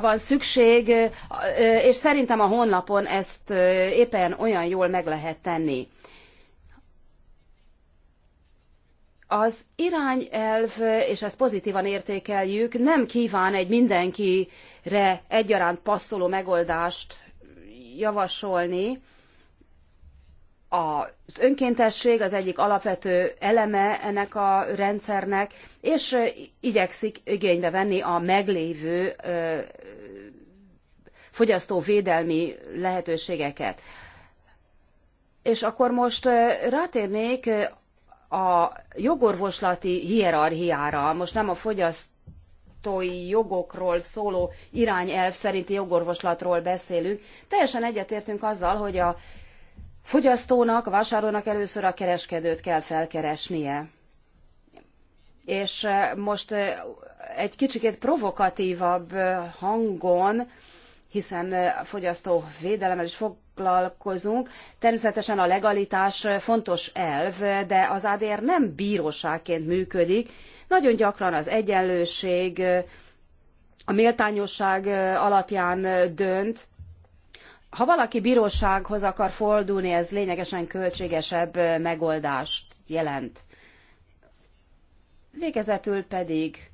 van szükség, és szerintem a honlapon ezt éppen olyan jól meg lehet tenni. Az irányelv, és ezt pozitívan értékeljük, nem kíván egy mindenkire egyaránt passzoló megoldást javasolni, az önkéntesség az egyik alapvető eleme ennek a rendszernek, és igyekszik igénybe venni a meglévő fogyasztóvédelmi lehetőségeket. És akkor most rátérnék a jogorvoslati hierarchiára. Most nem a fogyasztói jogokról szóló irányelv szerinti jogorvoslatról beszélünk. Teljesen egyetértünk azzal, hogy a fogyasztónak, a vásárlónak először a kereskedőt kell felkeresnie. És eh, most eh, egy kicsikét provokatívabb eh, hangon, hiszen a fogyasztó védelemmel is foglalkozunk. Természetesen a legalitás fontos elv, de az ADR nem bíróságként működik. Nagyon gyakran az egyenlőség, a méltányosság alapján dönt, ha valaki bírósághoz akar fordulni, ez lényegesen költségesebb megoldást jelent. Végezetül pedig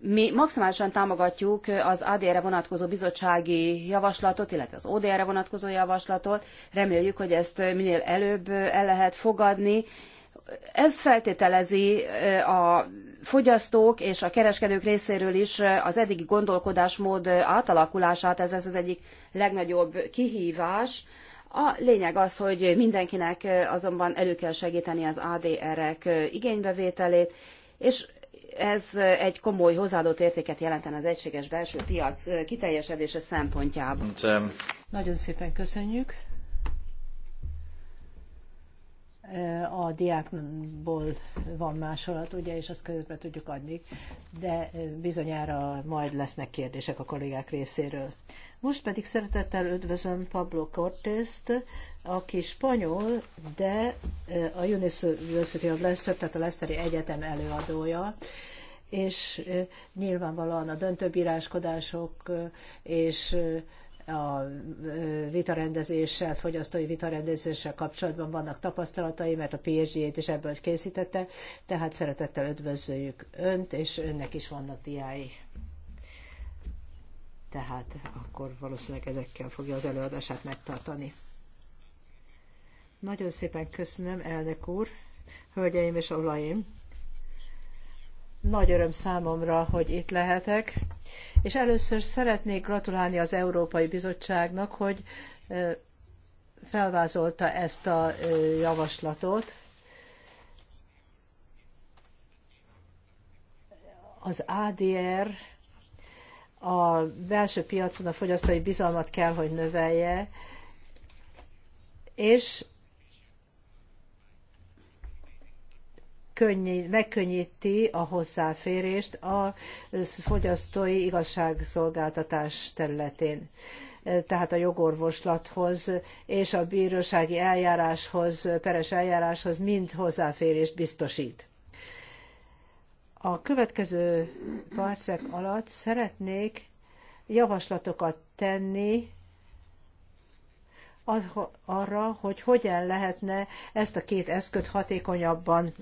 mi maximálisan támogatjuk az ADR-re vonatkozó bizottsági javaslatot, illetve az ODR-re vonatkozó javaslatot. Reméljük, hogy ezt minél előbb el lehet fogadni. Ez feltételezi a fogyasztók és a kereskedők részéről is az eddigi gondolkodásmód átalakulását, ez, az egyik legnagyobb kihívás. A lényeg az, hogy mindenkinek azonban elő kell segíteni az ADR-ek igénybevételét, és ez egy komoly hozzáadott értéket jelenten az egységes belső piac kiteljesedése szempontjából. Nagyon szépen köszönjük a diákból van másolat, ugye, és azt közben tudjuk adni, de bizonyára majd lesznek kérdések a kollégák részéről. Most pedig szeretettel üdvözlöm Pablo cortés aki spanyol, de a University of Leicester, tehát a Leicesteri Egyetem előadója, és nyilvánvalóan a döntőbíráskodások és a vitarendezéssel, fogyasztói vitarendezéssel kapcsolatban vannak tapasztalatai, mert a PSG-t is ebből készítette, tehát szeretettel üdvözöljük Önt, és Önnek is vannak diái. Tehát akkor valószínűleg ezekkel fogja az előadását megtartani. Nagyon szépen köszönöm, elnök úr, hölgyeim és olaim! Nagy öröm számomra, hogy itt lehetek. És először szeretnék gratulálni az Európai Bizottságnak, hogy felvázolta ezt a javaslatot. Az ADR a belső piacon a fogyasztói bizalmat kell, hogy növelje, és megkönnyíti a hozzáférést a fogyasztói igazságszolgáltatás területén tehát a jogorvoslathoz és a bírósági eljáráshoz, peres eljáráshoz mind hozzáférést biztosít. A következő percek alatt szeretnék javaslatokat tenni az, arra, hogy hogyan lehetne ezt a két eszköt hatékonyabban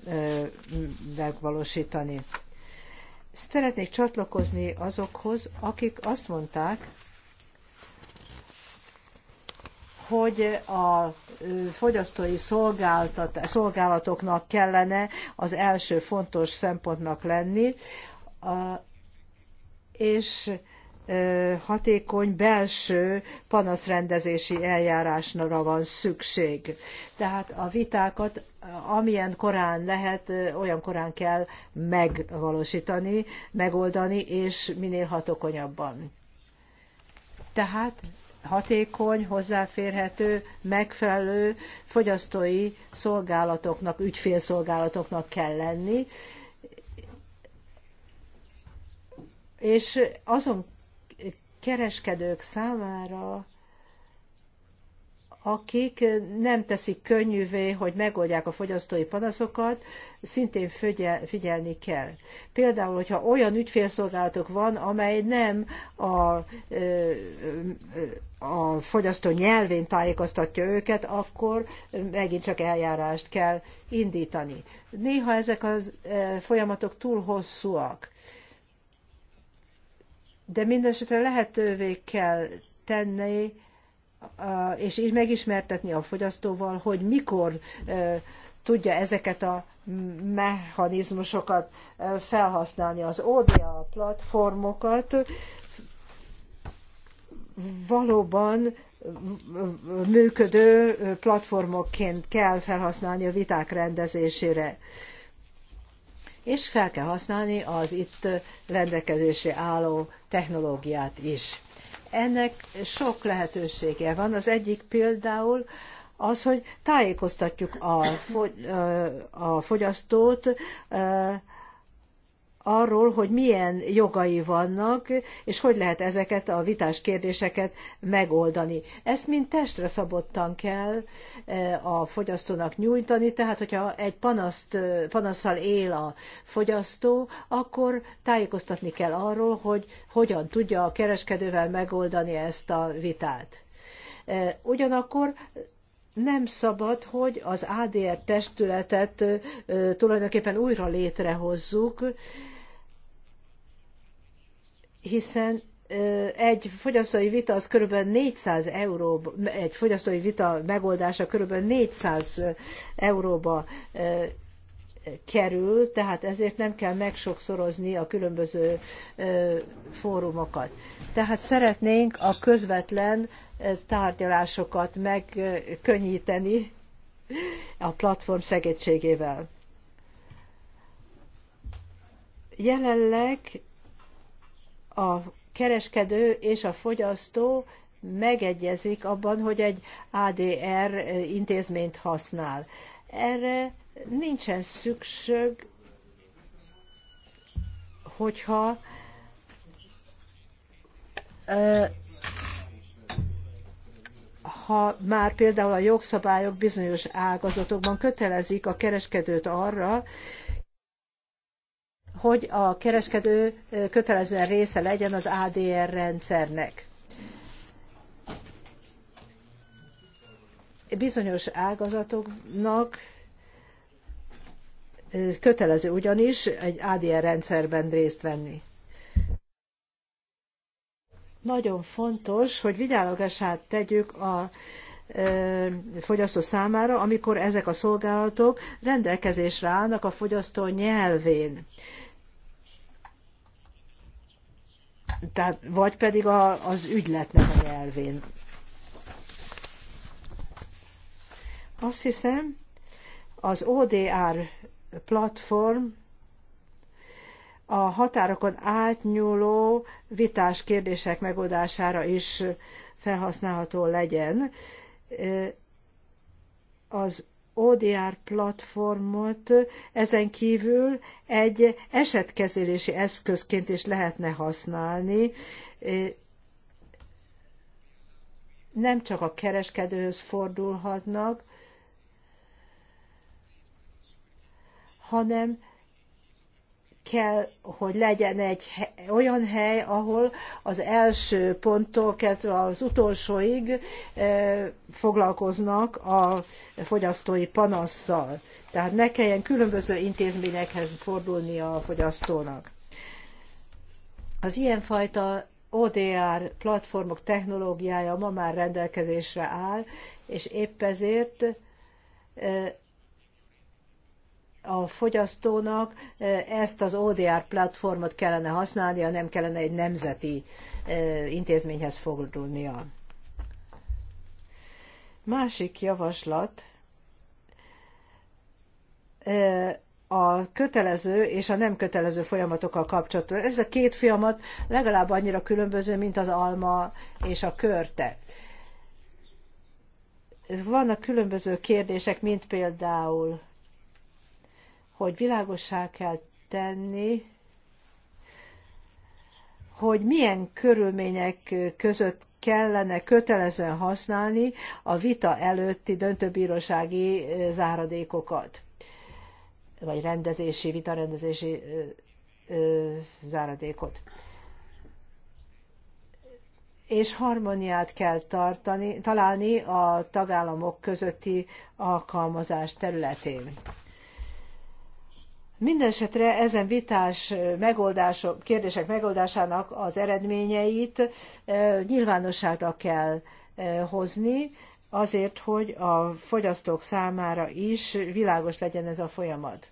megvalósítani. Szeretnék csatlakozni azokhoz, akik azt mondták, hogy a fogyasztói szolgálatoknak kellene az első fontos szempontnak lenni, és hatékony belső panaszrendezési eljárásra van szükség. Tehát a vitákat amilyen korán lehet, olyan korán kell megvalósítani, megoldani, és minél hatékonyabban. Tehát hatékony, hozzáférhető, megfelelő fogyasztói szolgálatoknak, ügyfélszolgálatoknak kell lenni, és azon kereskedők számára, akik nem teszik könnyűvé, hogy megoldják a fogyasztói panaszokat, szintén figyelni kell. Például, hogyha olyan ügyfélszolgálatok van, amely nem a, a fogyasztó nyelvén tájékoztatja őket, akkor megint csak eljárást kell indítani. Néha ezek a folyamatok túl hosszúak de mindesetre lehetővé kell tenni, és így megismertetni a fogyasztóval, hogy mikor tudja ezeket a mechanizmusokat felhasználni, az ODA platformokat valóban működő platformokként kell felhasználni a viták rendezésére és fel kell használni az itt rendelkezésre álló technológiát is. Ennek sok lehetősége van. Az egyik például az, hogy tájékoztatjuk a, fogy, a fogyasztót arról, hogy milyen jogai vannak, és hogy lehet ezeket a vitás kérdéseket megoldani. Ezt mind testre szabottan kell e, a fogyasztónak nyújtani, tehát hogyha egy panaszt, e, panaszsal él a fogyasztó, akkor tájékoztatni kell arról, hogy hogyan tudja a kereskedővel megoldani ezt a vitát. E, ugyanakkor nem szabad, hogy az ADR testületet tulajdonképpen újra létrehozzuk, hiszen egy fogyasztói vita az körülbelül 400 euró, egy fogyasztói vita megoldása körülbelül 400 euróba kerül, tehát ezért nem kell megsokszorozni a különböző fórumokat. Tehát szeretnénk a közvetlen tárgyalásokat megkönnyíteni a platform segítségével. Jelenleg a kereskedő és a fogyasztó megegyezik abban, hogy egy ADR intézményt használ. Erre nincsen szükség, hogyha ha már például a jogszabályok bizonyos ágazatokban kötelezik a kereskedőt arra, hogy a kereskedő kötelezően része legyen az ADR rendszernek. Bizonyos ágazatoknak kötelező ugyanis egy ADR rendszerben részt venni. Nagyon fontos, hogy vigyálogását tegyük a fogyasztó számára, amikor ezek a szolgálatok rendelkezésre állnak a fogyasztó nyelvén. tehát, vagy pedig a, az ügyletnek a nyelvén. Azt hiszem, az ODR platform a határokon átnyúló vitás kérdések megoldására is felhasználható legyen. Az ODR platformot ezen kívül egy esetkezelési eszközként is lehetne használni, nem csak a kereskedőhöz fordulhatnak, hanem kell, hogy legyen egy olyan hely, ahol az első ponttól kezdve az utolsóig e, foglalkoznak a fogyasztói panasszal. Tehát ne kelljen különböző intézményekhez fordulni a fogyasztónak. Az ilyenfajta ODR platformok technológiája ma már rendelkezésre áll, és épp ezért e, a fogyasztónak e, ezt az ODR platformot kellene használnia, nem kellene egy nemzeti e, intézményhez fordulnia. Másik javaslat e, a kötelező és a nem kötelező folyamatokkal kapcsolatban. Ez a két folyamat legalább annyira különböző, mint az alma és a körte. Vannak különböző kérdések, mint például hogy világosá kell tenni, hogy milyen körülmények között kellene kötelezően használni a vita előtti döntőbírósági záradékokat, vagy rendezési, vitarendezési záradékot. És harmóniát kell tartani, találni a tagállamok közötti alkalmazás területén. Mindenesetre ezen vitás megoldások, kérdések megoldásának az eredményeit nyilvánosságra kell hozni, azért, hogy a fogyasztók számára is világos legyen ez a folyamat.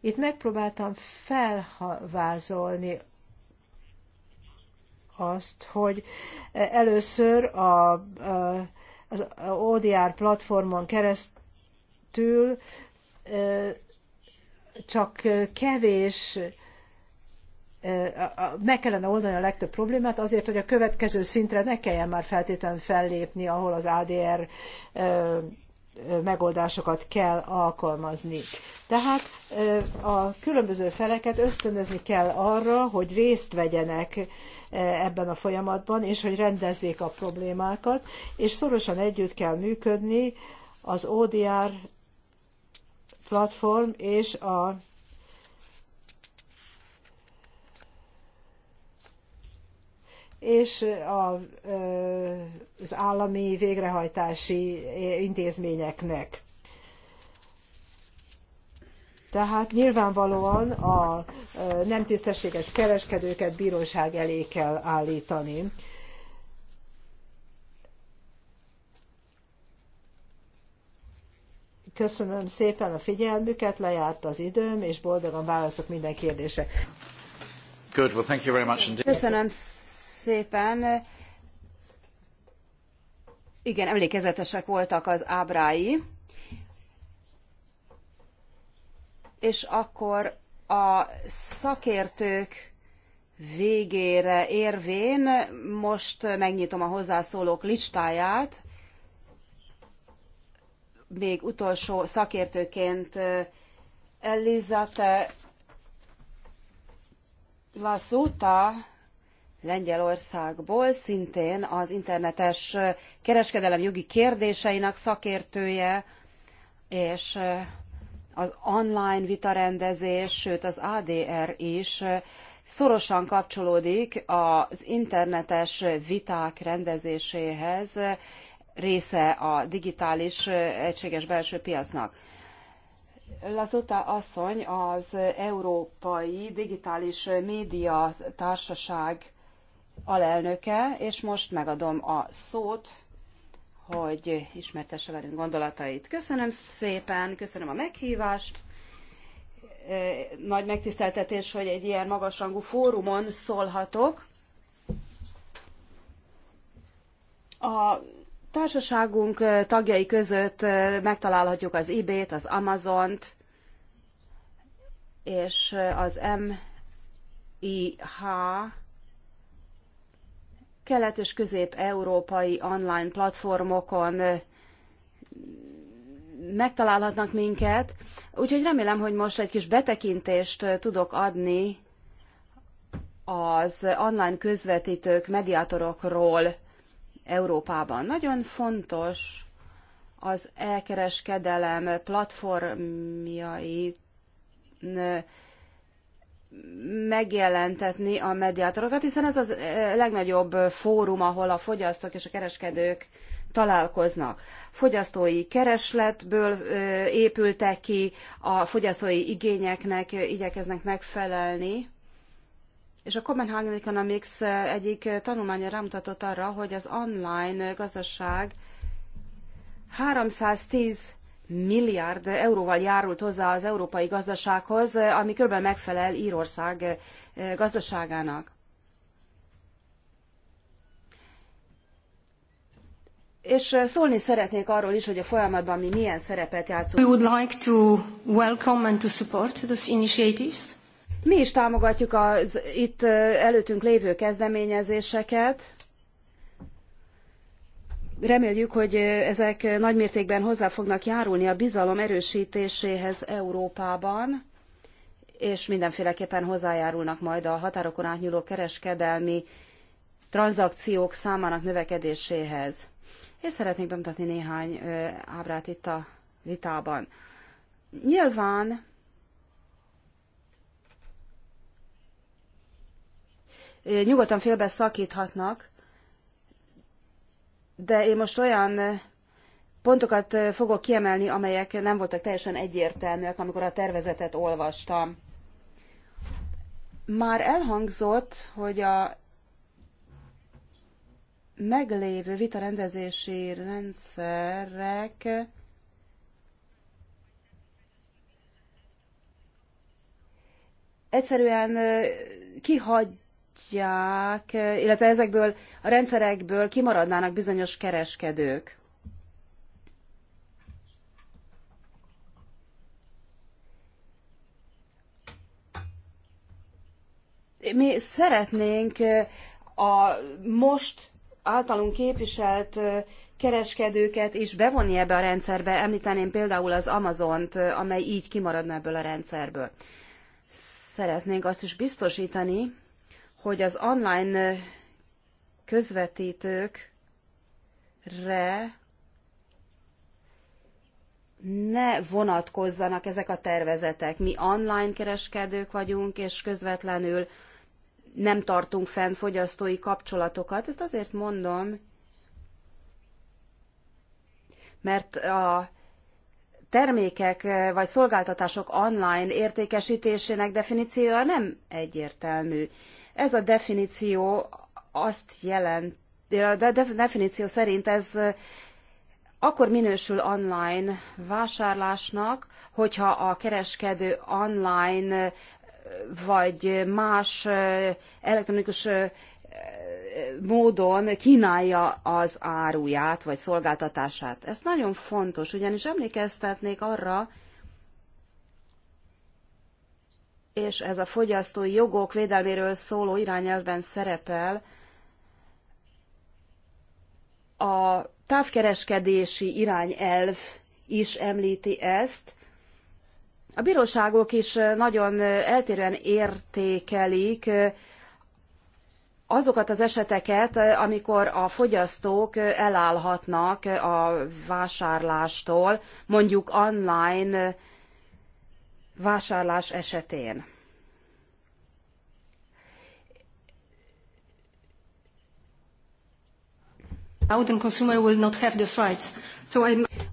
Itt megpróbáltam felvázolni azt, hogy először a, az ODR platformon keresztül csak kevés meg kellene oldani a legtöbb problémát azért, hogy a következő szintre ne kelljen már feltétlenül fellépni, ahol az ADR megoldásokat kell alkalmazni. Tehát a különböző feleket ösztönözni kell arra, hogy részt vegyenek ebben a folyamatban, és hogy rendezzék a problémákat, és szorosan együtt kell működni az ODR platform és a és a, az állami végrehajtási intézményeknek. Tehát nyilvánvalóan a nem tisztességes kereskedőket bíróság elé kell állítani. Köszönöm szépen a figyelmüket, lejárt az időm, és boldogan válaszok minden kérdésre. Good, well, thank you very much indeed. Köszönöm szépen. Igen, emlékezetesek voltak az ábrái. És akkor a szakértők végére érvén most megnyitom a hozzászólók listáját még utolsó szakértőként Elizate Lasuta Lengyelországból, szintén az internetes kereskedelem jogi kérdéseinek szakértője, és az online vitarendezés, sőt az ADR is szorosan kapcsolódik az internetes viták rendezéséhez, része a digitális egységes belső piacnak. Lazuta asszony az Európai Digitális Média Társaság alelnöke, és most megadom a szót, hogy ismertesse velünk gondolatait. Köszönöm szépen, köszönöm a meghívást. Nagy megtiszteltetés, hogy egy ilyen magasrangú fórumon szólhatok. A társaságunk tagjai között megtalálhatjuk az eBay-t, az Amazont, és az MIH kelet- és közép-európai online platformokon megtalálhatnak minket. Úgyhogy remélem, hogy most egy kis betekintést tudok adni az online közvetítők, mediátorokról Európában. Nagyon fontos az elkereskedelem platformjai megjelentetni a mediátorokat, hiszen ez az legnagyobb fórum, ahol a fogyasztók és a kereskedők találkoznak. Fogyasztói keresletből épültek ki, a fogyasztói igényeknek igyekeznek megfelelni, és a Copenhagen Economics eh, egyik eh, tanulmánya rámutatott arra, hogy az online eh, gazdaság 310 milliárd euróval járult hozzá az európai gazdasághoz, ami kb. megfelel Írország gazdaságának. És szólni szeretnék arról is, hogy a folyamatban mi milyen szerepet játszunk. We would like to welcome and to support those initiatives. Mi is támogatjuk az itt előttünk lévő kezdeményezéseket. Reméljük, hogy ezek nagymértékben hozzá fognak járulni a bizalom erősítéséhez Európában, és mindenféleképpen hozzájárulnak majd a határokon átnyúló kereskedelmi tranzakciók számának növekedéséhez. És szeretnék bemutatni néhány ábrát itt a vitában. Nyilván nyugodtan félbe szakíthatnak, de én most olyan pontokat fogok kiemelni, amelyek nem voltak teljesen egyértelműek, amikor a tervezetet olvastam. Már elhangzott, hogy a meglévő vitarendezési rendszerek egyszerűen kihagy kimaradják, illetve ezekből a rendszerekből kimaradnának bizonyos kereskedők. Mi szeretnénk eh, a most általunk képviselt eh, kereskedőket is bevonni ebbe a rendszerbe. Említeném például az Amazont, eh, amely így kimaradna ebből a rendszerből. Szeretnénk azt is biztosítani, hogy az online közvetítőkre ne vonatkozzanak ezek a tervezetek. Mi online kereskedők vagyunk, és közvetlenül nem tartunk fenn fogyasztói kapcsolatokat. Ezt azért mondom, mert a termékek vagy szolgáltatások online értékesítésének definíciója nem egyértelmű. Ez a definíció azt jelent, de a definíció szerint ez akkor minősül online vásárlásnak, hogyha a kereskedő online vagy más elektronikus módon kínálja az áruját vagy szolgáltatását. Ez nagyon fontos, ugyanis emlékeztetnék arra, és ez a fogyasztói jogok védelméről szóló irányelvben szerepel, a távkereskedési irányelv is említi ezt. A bíróságok is nagyon eltérően értékelik azokat az eseteket, amikor a fogyasztók elállhatnak a vásárlástól, mondjuk online vásárlás esetén.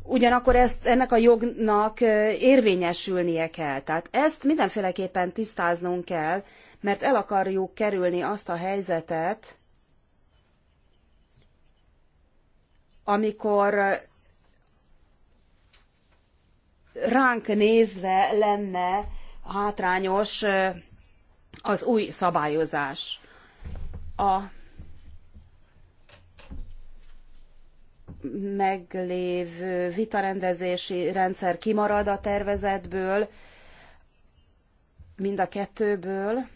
Ugyanakkor ezt, ennek a jognak érvényesülnie kell. Tehát ezt mindenféleképpen tisztáznunk kell, mert el akarjuk kerülni azt a helyzetet, amikor ránk nézve lenne hátrányos az új szabályozás. A meglévő vitarendezési rendszer kimarad a tervezetből, mind a kettőből.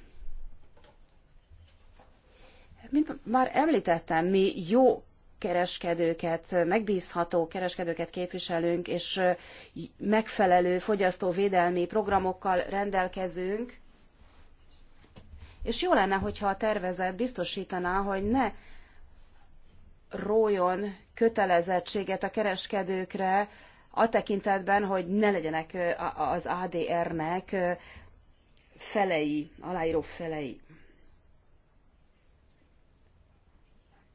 Mint már említettem, mi jó kereskedőket, megbízható kereskedőket képviselünk, és megfelelő fogyasztóvédelmi programokkal rendelkezünk. És jó lenne, hogyha a tervezet biztosítaná, hogy ne rójon kötelezettséget a kereskedőkre a tekintetben, hogy ne legyenek az ADR-nek felei, aláíró felei.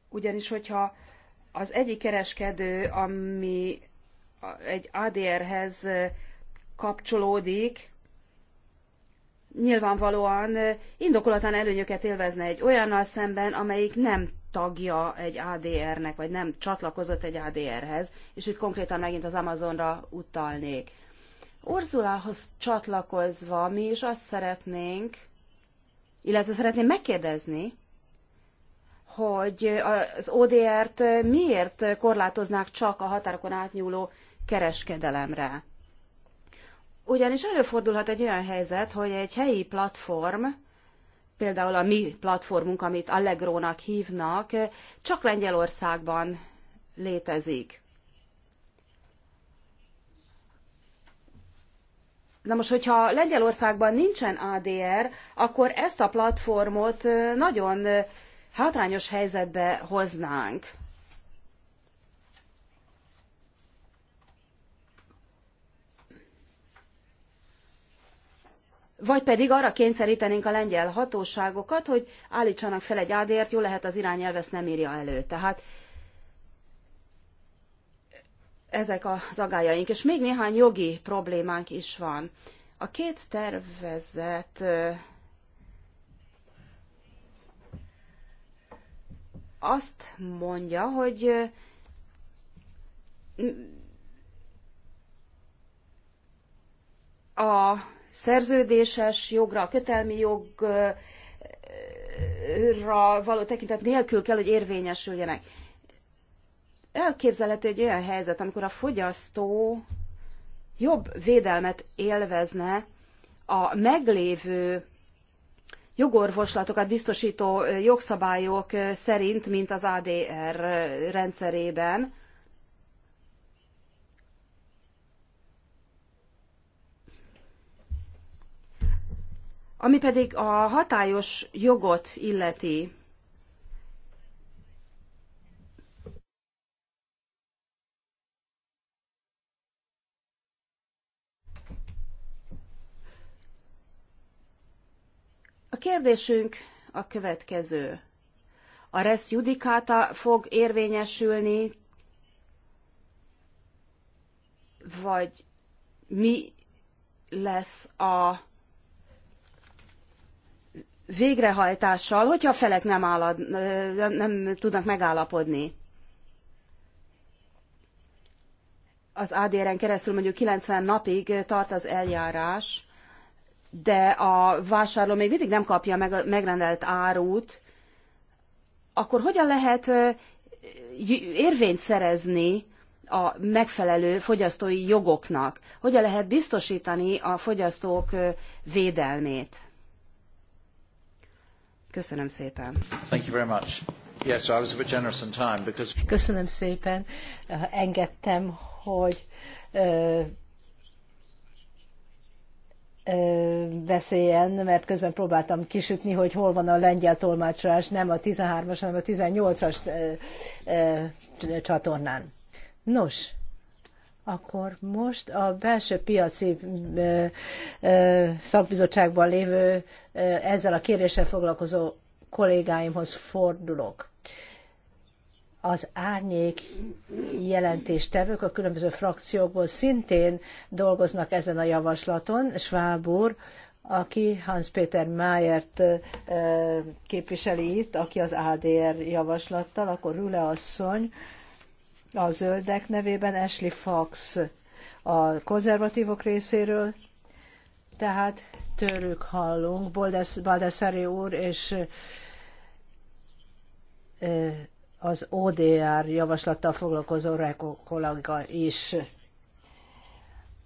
Ugyanis, hogyha az egyik kereskedő, ami egy ADR-hez kapcsolódik, nyilvánvalóan indokolatlan előnyöket élvezne egy olyannal szemben, amelyik nem tagja egy ADR-nek, vagy nem csatlakozott egy ADR-hez, és itt konkrétan megint az Amazonra utalnék. Urzulához csatlakozva mi is azt szeretnénk, illetve szeretném megkérdezni, hogy az ODR-t miért korlátoznák csak a határokon átnyúló kereskedelemre. Ugyanis előfordulhat egy olyan helyzet, hogy egy helyi platform, például a mi platformunk, amit Allegrónak hívnak, csak Lengyelországban létezik. Na most, hogyha Lengyelországban nincsen ADR, akkor ezt a platformot nagyon hátrányos helyzetbe hoznánk. Vagy pedig arra kényszerítenénk a lengyel hatóságokat, hogy állítsanak fel egy ádért, jó lehet az irányelv ezt nem írja elő. Tehát ezek az agályaink, és még néhány jogi problémánk is van. A két tervezet azt mondja, hogy a szerződéses jogra, a kötelmi jogra való tekintet nélkül kell, hogy érvényesüljenek. Elképzelhető egy olyan helyzet, amikor a fogyasztó jobb védelmet élvezne a meglévő jogorvoslatokat biztostó jogszabályok szerint, mint az ADR rendszerében. Ami pedig a hatályos jogot illeti, A kérdésünk a következő. A res judicata fog érvényesülni, vagy mi lesz a végrehajtással, hogyha a felek nem, állad, nem tudnak megállapodni. Az ADR-en keresztül mondjuk 90 napig tart az eljárás, de a vásárló még mindig nem kapja meg a megrendelt árut, akkor hogyan lehet érvényt szerezni a megfelelő fogyasztói jogoknak? Hogyan lehet biztosítani a fogyasztók védelmét? Köszönöm szépen. Thank you very much. Yes, I was a bit generous in time because... Köszönöm szépen. Engedtem, hogy beszéljen, mert közben próbáltam kisütni, hogy hol van a lengyel tolmácsolás, nem a 13-as, hanem a 18-as csatornán. Nos, akkor most a belső piaci ö, ö, szakbizottságban lévő ö, ezzel a kérdéssel foglalkozó kollégáimhoz fordulok. Ö, az árnyék jelentéstevők a különböző frakciókból szintén dolgoznak ezen a javaslaton. Schwab úr, aki Hans-Peter Mayert képviseli itt, aki az ADR javaslattal, akkor Rüle asszony a zöldek nevében, Ashley Fox a konzervatívok részéről, tehát tőlük hallunk, Baldessari úr és az ODR javaslattal foglalkozó kollega is.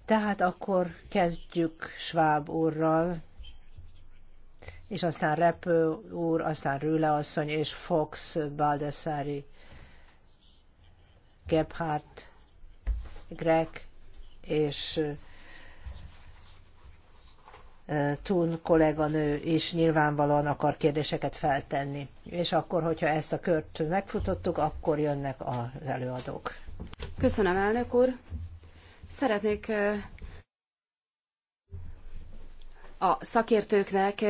Tehát akkor kezdjük Schwab úrral, és aztán Repő úr, aztán Rüle asszony és Fox Baldessari, Gebhardt, Greg és Thun kolléganő is nyilvánvalóan akar kérdéseket feltenni. És akkor, hogyha ezt a kört megfutottuk, akkor jönnek az előadók. Köszönöm, elnök úr. Szeretnék a szakértőknek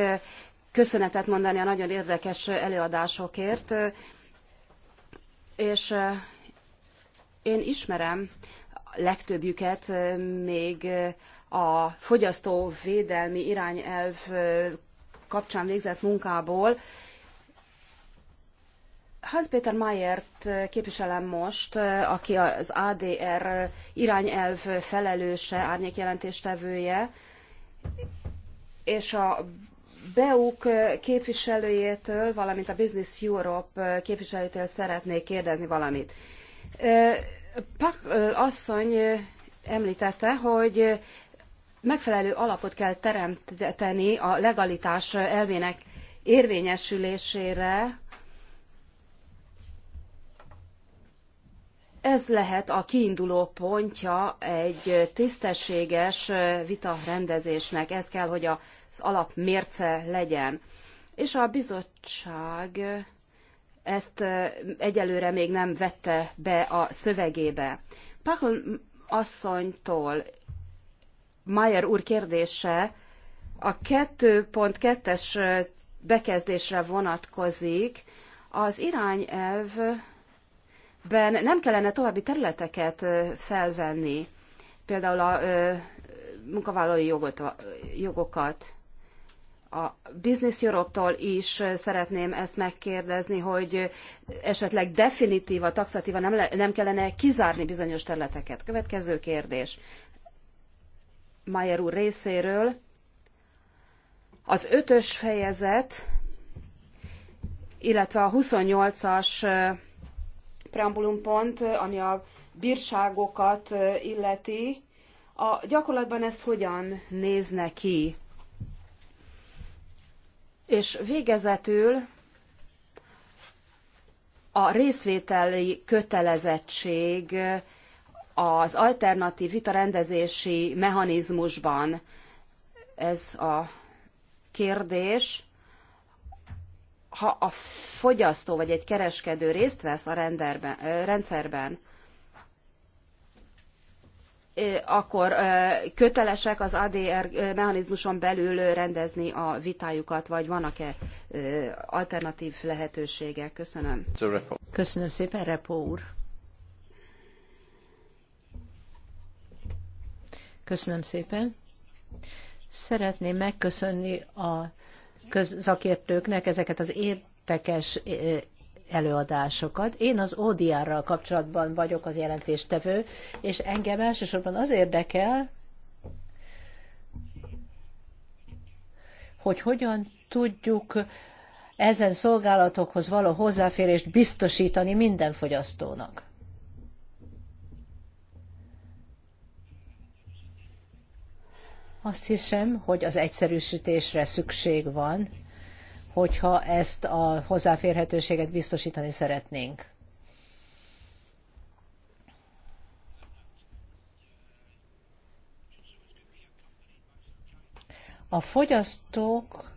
köszönetet mondani a nagyon érdekes előadásokért, és én ismerem legtöbbjüket még a fogyasztóvédelmi irányelv kapcsán végzett munkából. Hans-Peter Mayert képviselem most, aki az ADR irányelv felelőse, árnyékjelentéstevője, és a BEUK képviselőjétől, valamint a Business Europe képviselőjétől szeretnék kérdezni valamit. Pak asszony említette, hogy megfelelő alapot kell teremteni a legalitás elvének érvényesülésére. Ez lehet a kiinduló pontja egy tisztességes vitarendezésnek. Ez kell, hogy az mérce legyen. És a bizottság ezt egyelőre még nem vette be a szövegébe. Pakon asszonytól Mayer úr kérdése a 2.2-es bekezdésre vonatkozik. Az irányelvben nem kellene további területeket felvenni, például a munkavállalói jogot, jogokat. A Business Europe-tól is szeretném ezt megkérdezni, hogy esetleg definitíva, taxatíva nem, le, nem kellene kizárni bizonyos területeket. Következő kérdés. Mayer úr részéről. Az ötös fejezet, illetve a 28-as preambulumpont, ami a bírságokat illeti, a gyakorlatban ez hogyan nézne ki? És végezetül a részvételi kötelezettség az alternatív vitarendezési mechanizmusban ez a kérdés, ha a fogyasztó vagy egy kereskedő részt vesz a rendszerben, akkor kötelesek az ADR mechanizmuson belül rendezni a vitájukat, vagy vannak-e alternatív lehetőségek? Köszönöm. Köszönöm szépen, Repó úr. Köszönöm szépen. Szeretném megköszönni a szakértőknek ezeket az értekes előadásokat. Én az ODR-ral kapcsolatban vagyok az jelentéstevő, és engem elsősorban az érdekel, hogy hogyan tudjuk ezen szolgálatokhoz való hozzáférést biztosítani minden fogyasztónak. Azt hiszem, hogy az egyszerűsítésre szükség van, hogyha ezt a hozzáférhetőséget biztosítani szeretnénk. A fogyasztók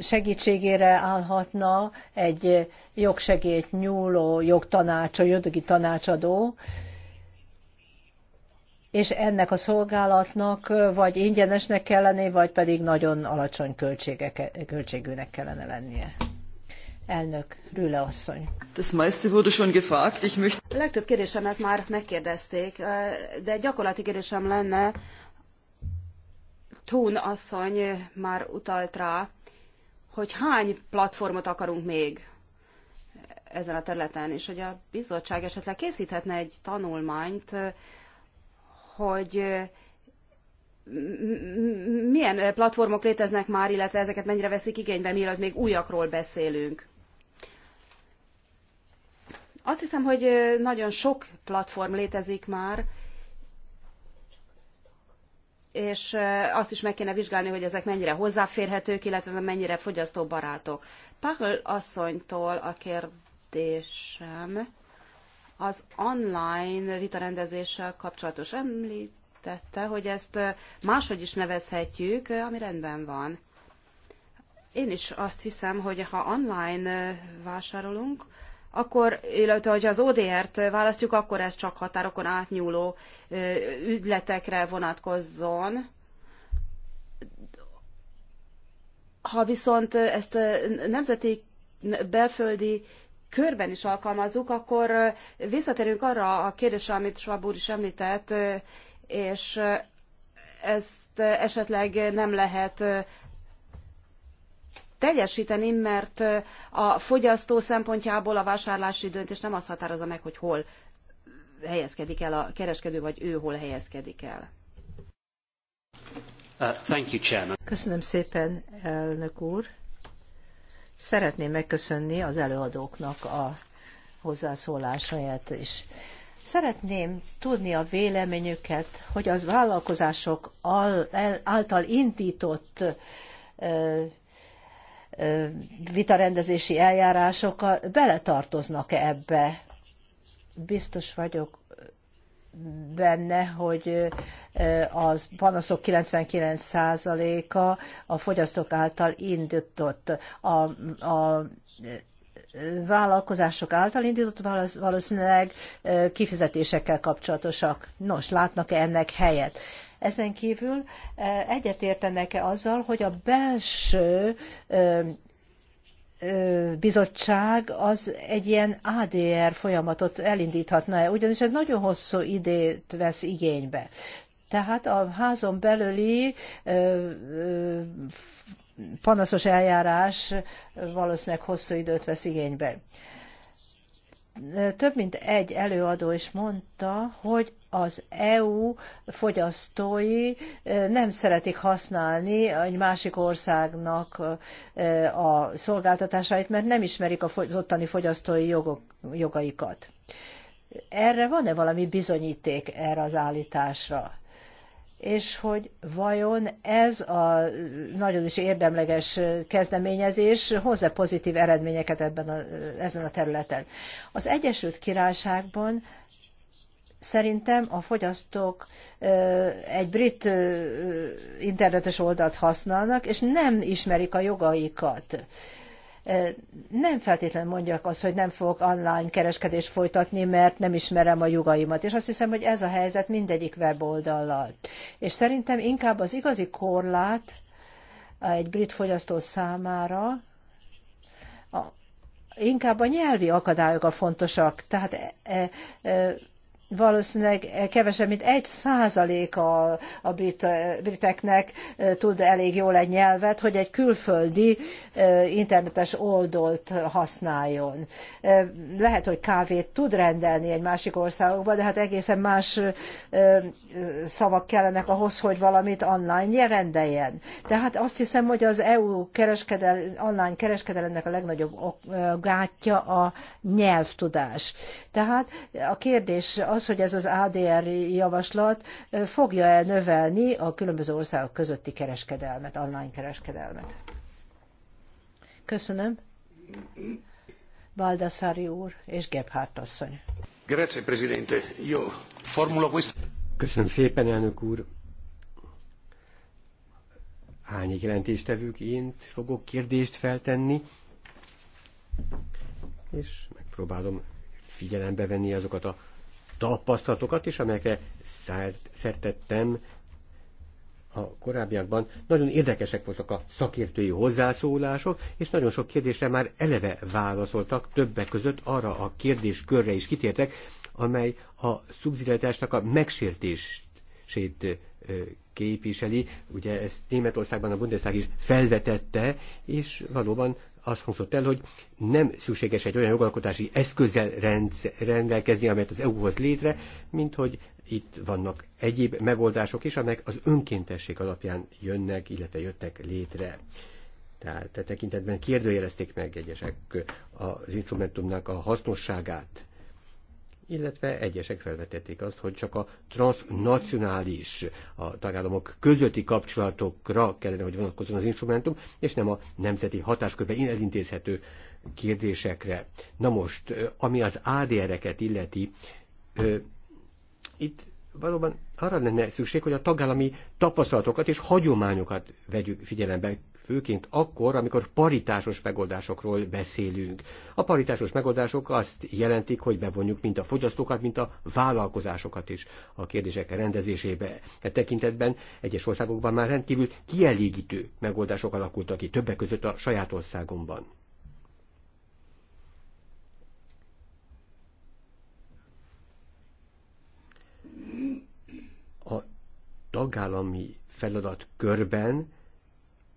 segítségére állhatna egy jogsegélyt nyúló jogtanácsa, jogi tanácsadó, és ennek a szolgálatnak vagy ingyenesnek kellene, vagy pedig nagyon alacsony költségűnek kellene lennie. Elnök, Rüle asszony. Das meiste wurde schon gefragt. Ich möchte... A legtöbb kérdésemet már megkérdezték, de gyakorlati kérdésem lenne, Thun asszony már utalt rá, hogy hány platformot akarunk még ezen a területen, és hogy a bizottság esetleg készíthetne egy tanulmányt hogy milyen platformok léteznek már, illetve ezeket mennyire veszik igénybe, mielőtt még újakról beszélünk. Azt hiszem, hogy nagyon sok platform létezik már, és azt is meg kéne vizsgálni, hogy ezek mennyire hozzáférhetők, illetve mennyire fogyasztóbarátok. Pákl asszonytól a kérdésem az online vitarendezéssel kapcsolatos említette, hogy ezt máshogy is nevezhetjük, ami rendben van. Én is azt hiszem, hogy ha online vásárolunk, akkor, illetve hogyha az ODR-t választjuk, akkor ez csak határokon átnyúló ügyletekre vonatkozzon. Ha viszont ezt nemzeti belföldi körben is alkalmazzuk, akkor visszatérünk arra a kérdésre, amit Schwab úr is említett, és ezt esetleg nem lehet teljesíteni, mert a fogyasztó szempontjából a vásárlási döntés nem azt határozza meg, hogy hol helyezkedik el a kereskedő, vagy ő hol helyezkedik el. Uh, thank you, Chairman. Köszönöm szépen, elnök úr. Szeretném megköszönni az előadóknak a hozzászólásaját is. Szeretném tudni a véleményüket, hogy az vállalkozások által indított vitarendezési eljárások beletartoznak -e ebbe. Biztos vagyok benne, hogy a panaszok 99%-a a fogyasztók által indított. A, a vállalkozások által indított valószínűleg kifizetésekkel kapcsolatosak. Nos, látnak-e ennek helyet? Ezen kívül egyetértenek-e azzal, hogy a belső bizottság az egy ilyen ADR folyamatot elindíthatna-e, ugyanis ez nagyon hosszú időt vesz igénybe. Tehát a házon belüli panaszos eljárás valószínűleg hosszú időt vesz igénybe több mint egy előadó is mondta, hogy az EU fogyasztói nem szeretik használni egy másik országnak a szolgáltatásait, mert nem ismerik az ottani fogyasztói jogok, jogaikat. Erre van-e valami bizonyíték erre az állításra? és hogy vajon ez a nagyon is érdemleges kezdeményezés hozza pozitív eredményeket ebben a, ezen a területen. Az Egyesült Királyságban szerintem a fogyasztók egy brit internetes oldalt használnak, és nem ismerik a jogaikat nem feltétlenül mondjak azt, hogy nem fogok online kereskedést folytatni, mert nem ismerem a jogaimat. És azt hiszem, hogy ez a helyzet mindegyik weboldallal. És szerintem inkább az igazi korlát egy brit fogyasztó számára a, inkább a nyelvi akadályok a fontosak. Tehát e, e, valószínűleg kevesebb, mint egy százaléka a brit, eh, briteknek eh, tud elég jól egy nyelvet, hogy egy külföldi eh, internetes oldalt használjon. Lehet, hogy kávét tud rendelni egy másik országokban, de hát egészen más szavak kellenek ahhoz, hogy valamit online rendeljen. Tehát azt hiszem, hogy az EU kereskedel, online kereskedelemnek a legnagyobb gátja a nyelvtudás. Tehát a kérdés az, az, hogy ez az ADR javaslat fogja-e növelni a különböző országok közötti kereskedelmet, online kereskedelmet. Köszönöm. Baldassari úr és Gebhardt asszony. Grazie, Presidente. Io formulo questo... Köszönöm szépen, elnök úr. Árnyék jelentéstevőként fogok kérdést feltenni, és megpróbálom figyelembe venni azokat a tapasztalatokat is, amelyekre szertettem a korábbiakban. Nagyon érdekesek voltak a szakértői hozzászólások, és nagyon sok kérdésre már eleve válaszoltak, többek között arra a kérdéskörre is kitértek, amely a szubszidiaritásnak a megsértését képviseli. Ugye ezt Németországban a Bundestag is felvetette, és valóban azt hangzott el, hogy nem szükséges egy olyan jogalkotási eszközzel rendelkezni, amelyet az EU hoz létre, mint hogy itt vannak egyéb megoldások is, amelyek az önkéntesség alapján jönnek, illetve jöttek létre. Tehát e tekintetben kérdőjelezték meg egyesek az instrumentumnak a hasznosságát illetve egyesek felvetették azt, hogy csak a transnacionális, a tagállamok közötti kapcsolatokra kellene, hogy vonatkozzon az instrumentum, és nem a nemzeti hatáskörben elintézhető kérdésekre. Na most, ami az ADR-eket illeti, itt valóban arra lenne szükség, hogy a tagállami tapasztalatokat és hagyományokat vegyük figyelembe főként akkor, amikor paritásos megoldásokról beszélünk. A paritásos megoldások azt jelentik, hogy bevonjuk mind a fogyasztókat, mind a vállalkozásokat is a kérdések rendezésébe. E tekintetben egyes országokban már rendkívül kielégítő megoldások alakultak ki, többek között a saját országomban. tagállami feladat körben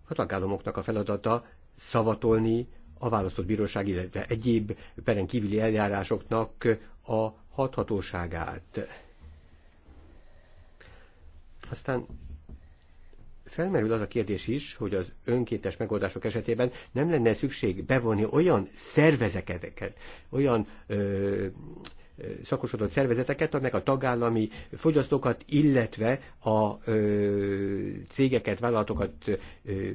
a tagállamoknak a feladata szavatolni a választott bíróság, illetve egyéb peren kívüli eljárásoknak a hathatóságát. Aztán felmerül az a kérdés is, hogy az önkéntes megoldások esetében nem lenne szükség bevonni olyan szervezeteket, olyan ö, szakosodott szervezeteket, amelyek a tagállami fogyasztókat, illetve a ö, cégeket, vállalatokat ö,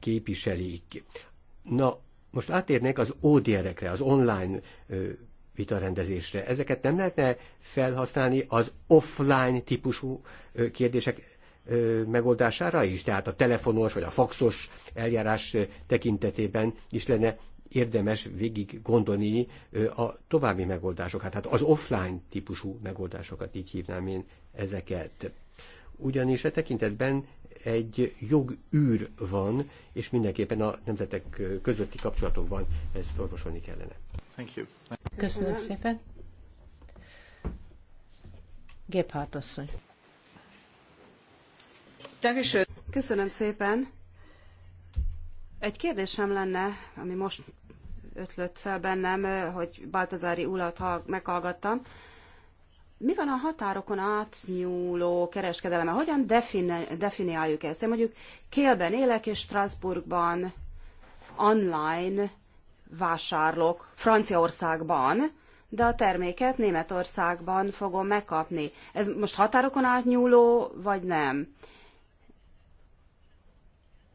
képviselik. Na, most átérnék az ODR-ekre, az online ö, vitarendezésre. Ezeket nem lehetne felhasználni az offline típusú ö, kérdések ö, megoldására is, tehát a telefonos vagy a faxos eljárás tekintetében is lenne érdemes végig gondolni a további megoldásokat, hát, hát az offline típusú megoldásokat így hívnám én ezeket. Ugyanis e tekintetben egy jogűr van, és mindenképpen a nemzetek közötti kapcsolatokban ezt orvosolni kellene. Thank you. Köszönöm szépen. Gebhardt asszony. Köszönöm szépen. Egy kérdésem lenne, ami most ötlött fel bennem, hogy Baltazári urat meghallgattam. Mi van a határokon átnyúló kereskedelme? Hogyan defini- definiáljuk ezt? Én mondjuk Kélben élek, és Strasbourgban online vásárlok Franciaországban, de a terméket Németországban fogom megkapni. Ez most határokon átnyúló, vagy nem?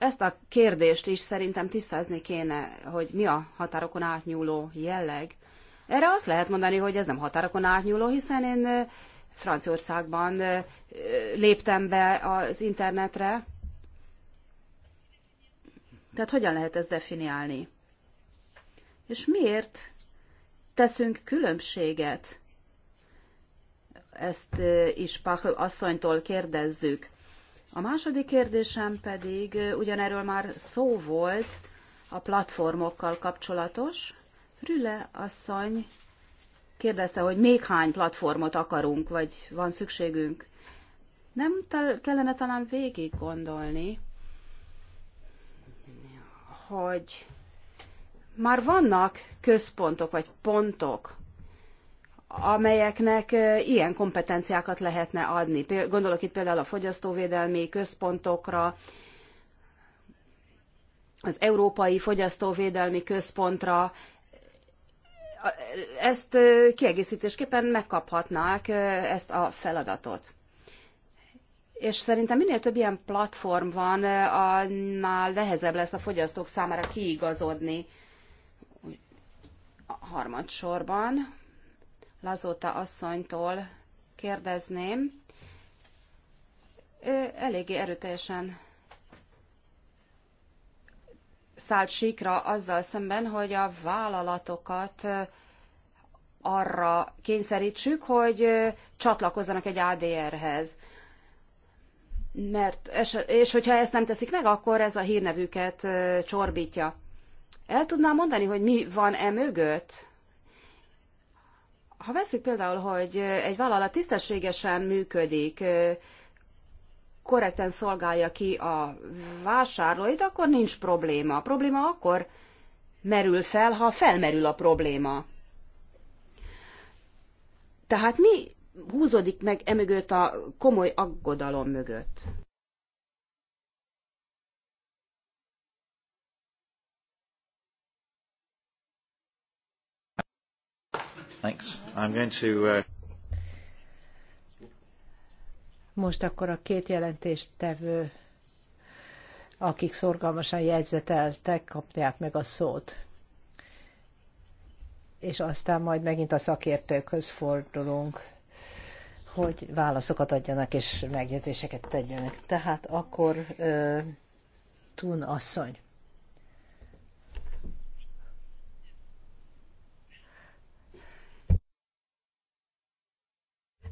ezt a kérdést is szerintem tisztázni kéne, hogy mi a határokon átnyúló jelleg. Erre azt lehet mondani, hogy ez nem határokon átnyúló, hiszen én Franciaországban léptem be az internetre. Tehát hogyan lehet ezt definiálni? És miért teszünk különbséget? Ezt is Pachl asszonytól kérdezzük. A második kérdésem pedig ugyanerről már szó volt, a platformokkal kapcsolatos. Rüle asszony kérdezte, hogy még hány platformot akarunk, vagy van szükségünk. Nem kellene talán végig gondolni, hogy már vannak központok vagy pontok, amelyeknek ilyen kompetenciákat lehetne adni. Gondolok itt például a fogyasztóvédelmi központokra, az Európai Fogyasztóvédelmi Központra, ezt kiegészítésképpen megkaphatnák ezt a feladatot. És szerintem minél több ilyen platform van, annál nehezebb lesz a fogyasztók számára kiigazodni harmadsorban Lazóta asszonytól kérdezném. Ő eléggé erőteljesen szállt síkra azzal szemben, hogy a vállalatokat arra kényszerítsük, hogy csatlakozzanak egy ADR-hez. Mert, és, és hogyha ezt nem teszik meg, akkor ez a hírnevüket csorbítja. El tudnám mondani, hogy mi van e mögött? Ha veszük például, hogy egy vállalat tisztességesen működik, korrekten szolgálja ki a vásárlóit, akkor nincs probléma. A probléma akkor merül fel, ha felmerül a probléma. Tehát mi húzódik meg emögött a komoly aggodalom mögött? Thanks. I'm going to, uh... Most akkor a két jelentést tevő, akik szorgalmasan jegyzeteltek, kapják meg a szót. És aztán majd megint a szakértőkhöz fordulunk hogy válaszokat adjanak és megjegyzéseket tegyenek. Tehát akkor uh, Tun asszony.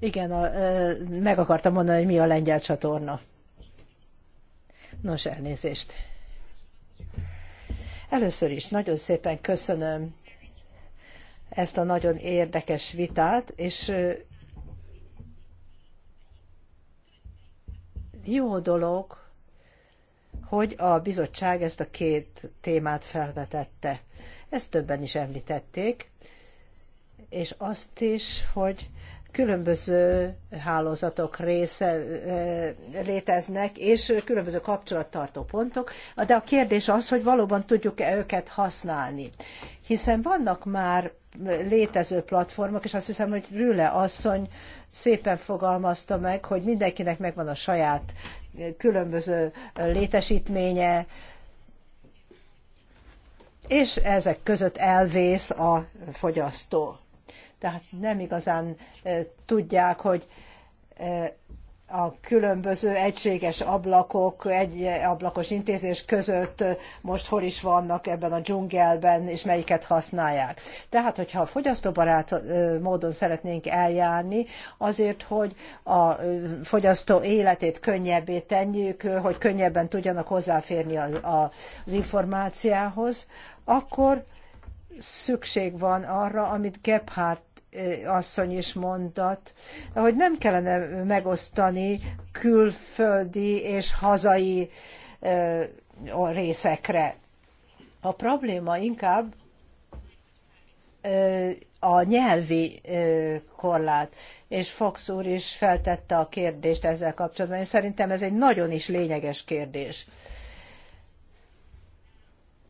Igen, a, meg akartam mondani, hogy mi a lengyel csatorna. Nos, elnézést. Először is nagyon szépen köszönöm ezt a nagyon érdekes vitát, és jó dolog, hogy a bizottság ezt a két témát felvetette. Ezt többen is említették, és azt is, hogy különböző hálózatok része, léteznek, és különböző kapcsolattartó pontok, de a kérdés az, hogy valóban tudjuk-e őket használni. Hiszen vannak már létező platformok, és azt hiszem, hogy Rüle asszony szépen fogalmazta meg, hogy mindenkinek megvan a saját különböző létesítménye, és ezek között elvész a fogyasztó tehát nem igazán tudják, hogy a különböző egységes ablakok, egy ablakos intézés között most hol is vannak ebben a dzsungelben, és melyiket használják. Tehát, hogyha a fogyasztóbarát módon szeretnénk eljárni, azért, hogy a fogyasztó életét könnyebbé tenjük, hogy könnyebben tudjanak hozzáférni az, az információhoz, akkor szükség van arra, amit Gebhardt asszony is mondott, hogy nem kellene megosztani külföldi és hazai részekre. A probléma inkább a nyelvi korlát, és Fox úr is feltette a kérdést ezzel kapcsolatban, és szerintem ez egy nagyon is lényeges kérdés.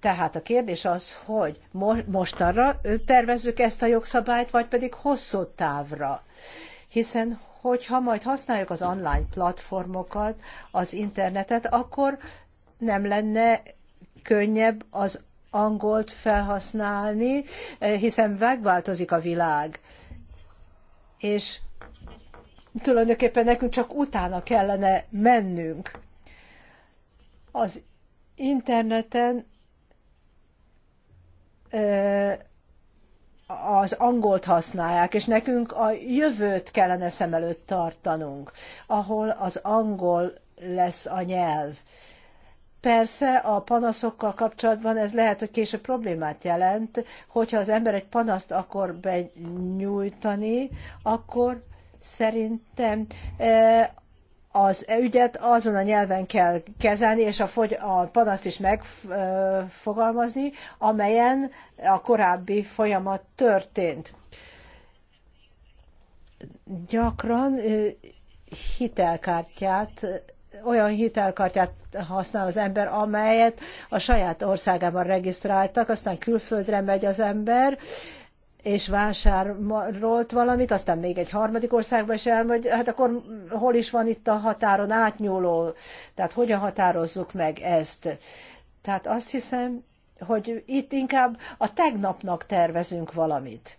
Tehát a kérdés az, hogy mostanra tervezzük ezt a jogszabályt, vagy pedig hosszú távra. Hiszen hogyha majd használjuk az online platformokat, az internetet, akkor nem lenne könnyebb az angolt felhasználni, hiszen megváltozik a világ. És tulajdonképpen nekünk csak utána kellene mennünk. Az interneten az angolt használják, és nekünk a jövőt kellene szem előtt tartanunk, ahol az angol lesz a nyelv. Persze a panaszokkal kapcsolatban ez lehet, hogy később problémát jelent, hogyha az ember egy panaszt akar benyújtani, akkor szerintem az e ügyet azon a nyelven kell kezelni, és a, fogy, a panaszt is megfogalmazni, amelyen a korábbi folyamat történt. Gyakran hitelkártyát, olyan hitelkártyát használ az ember, amelyet a saját országában regisztráltak, aztán külföldre megy az ember, és vásárolt valamit, aztán még egy harmadik országba is elmegy, hát akkor hol is van itt a határon átnyúló, tehát hogyan határozzuk meg ezt. Tehát azt hiszem, hogy itt inkább a tegnapnak tervezünk valamit.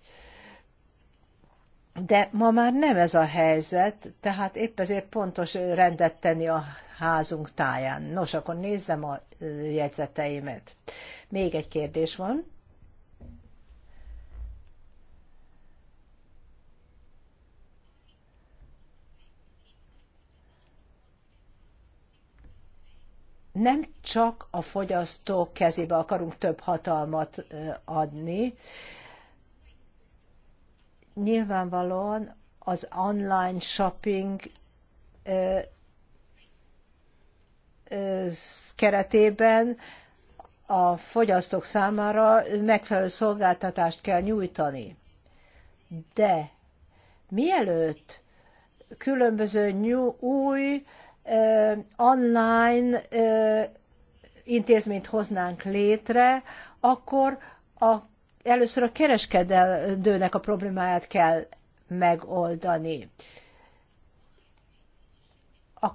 De ma már nem ez a helyzet, tehát épp ezért pontos rendet tenni a házunk táján. Nos, akkor nézzem a jegyzeteimet. Még egy kérdés van. nem csak a fogyasztók kezébe akarunk több hatalmat adni. Nyilvánvalóan az online shopping keretében a fogyasztók számára megfelelő szolgáltatást kell nyújtani. De mielőtt különböző új online intézményt hoznánk létre, akkor a, először a kereskedőnek a problémáját kell megoldani. A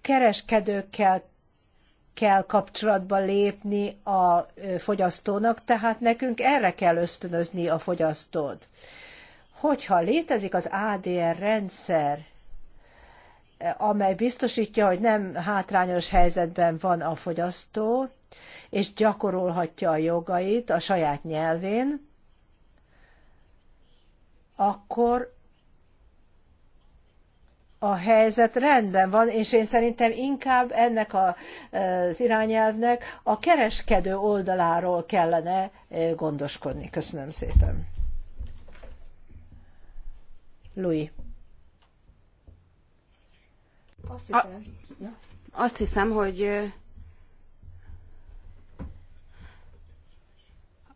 kereskedőkkel kell kapcsolatba lépni a fogyasztónak, tehát nekünk erre kell ösztönözni a fogyasztót. Hogyha létezik az ADR rendszer, amely biztosítja, hogy nem hátrányos helyzetben van a fogyasztó, és gyakorolhatja a jogait a saját nyelvén, akkor a helyzet rendben van, és én szerintem inkább ennek az irányelvnek a kereskedő oldaláról kellene gondoskodni. Köszönöm szépen. Louis. Azt hiszem, a, azt hiszem hogy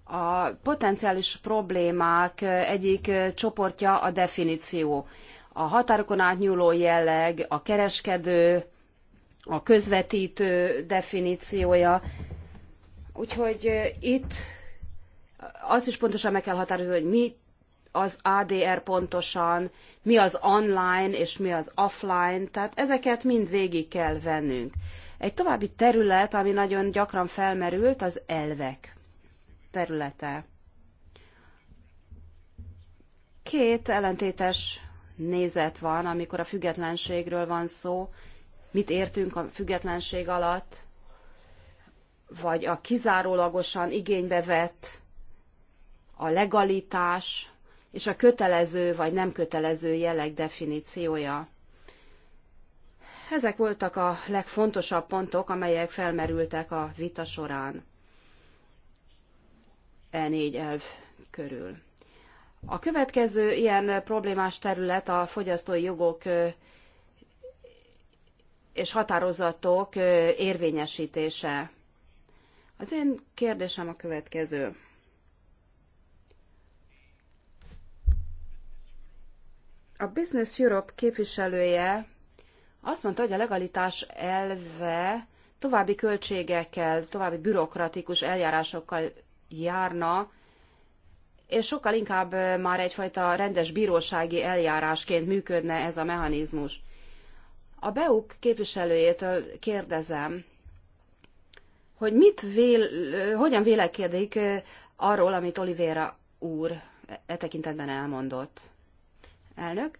a potenciális problémák egyik csoportja a definíció. A határokon átnyúló jelleg, a kereskedő, a közvetítő definíciója. Úgyhogy itt azt is pontosan meg kell határozni, hogy mit az ADR pontosan, mi az online és mi az offline, tehát ezeket mind végig kell vennünk. Egy további terület, ami nagyon gyakran felmerült, az elvek területe. Két ellentétes nézet van, amikor a függetlenségről van szó, mit értünk a függetlenség alatt, vagy a kizárólagosan igénybe vett, a legalitás, és a kötelező vagy nem kötelező jelleg definíciója. Ezek voltak a legfontosabb pontok, amelyek felmerültek a vita során E4 elv körül. A következő ilyen problémás terület a fogyasztói jogok és határozatok érvényesítése. Az én kérdésem a következő. A Business Europe képviselője azt mondta, hogy a legalitás elve további költségekkel, további bürokratikus eljárásokkal járna, és sokkal inkább már egyfajta rendes bírósági eljárásként működne ez a mechanizmus. A BEUK képviselőjétől kérdezem, hogy mit vél, hogyan vélekedik arról, amit Olivéra úr e tekintetben elmondott. Elnök,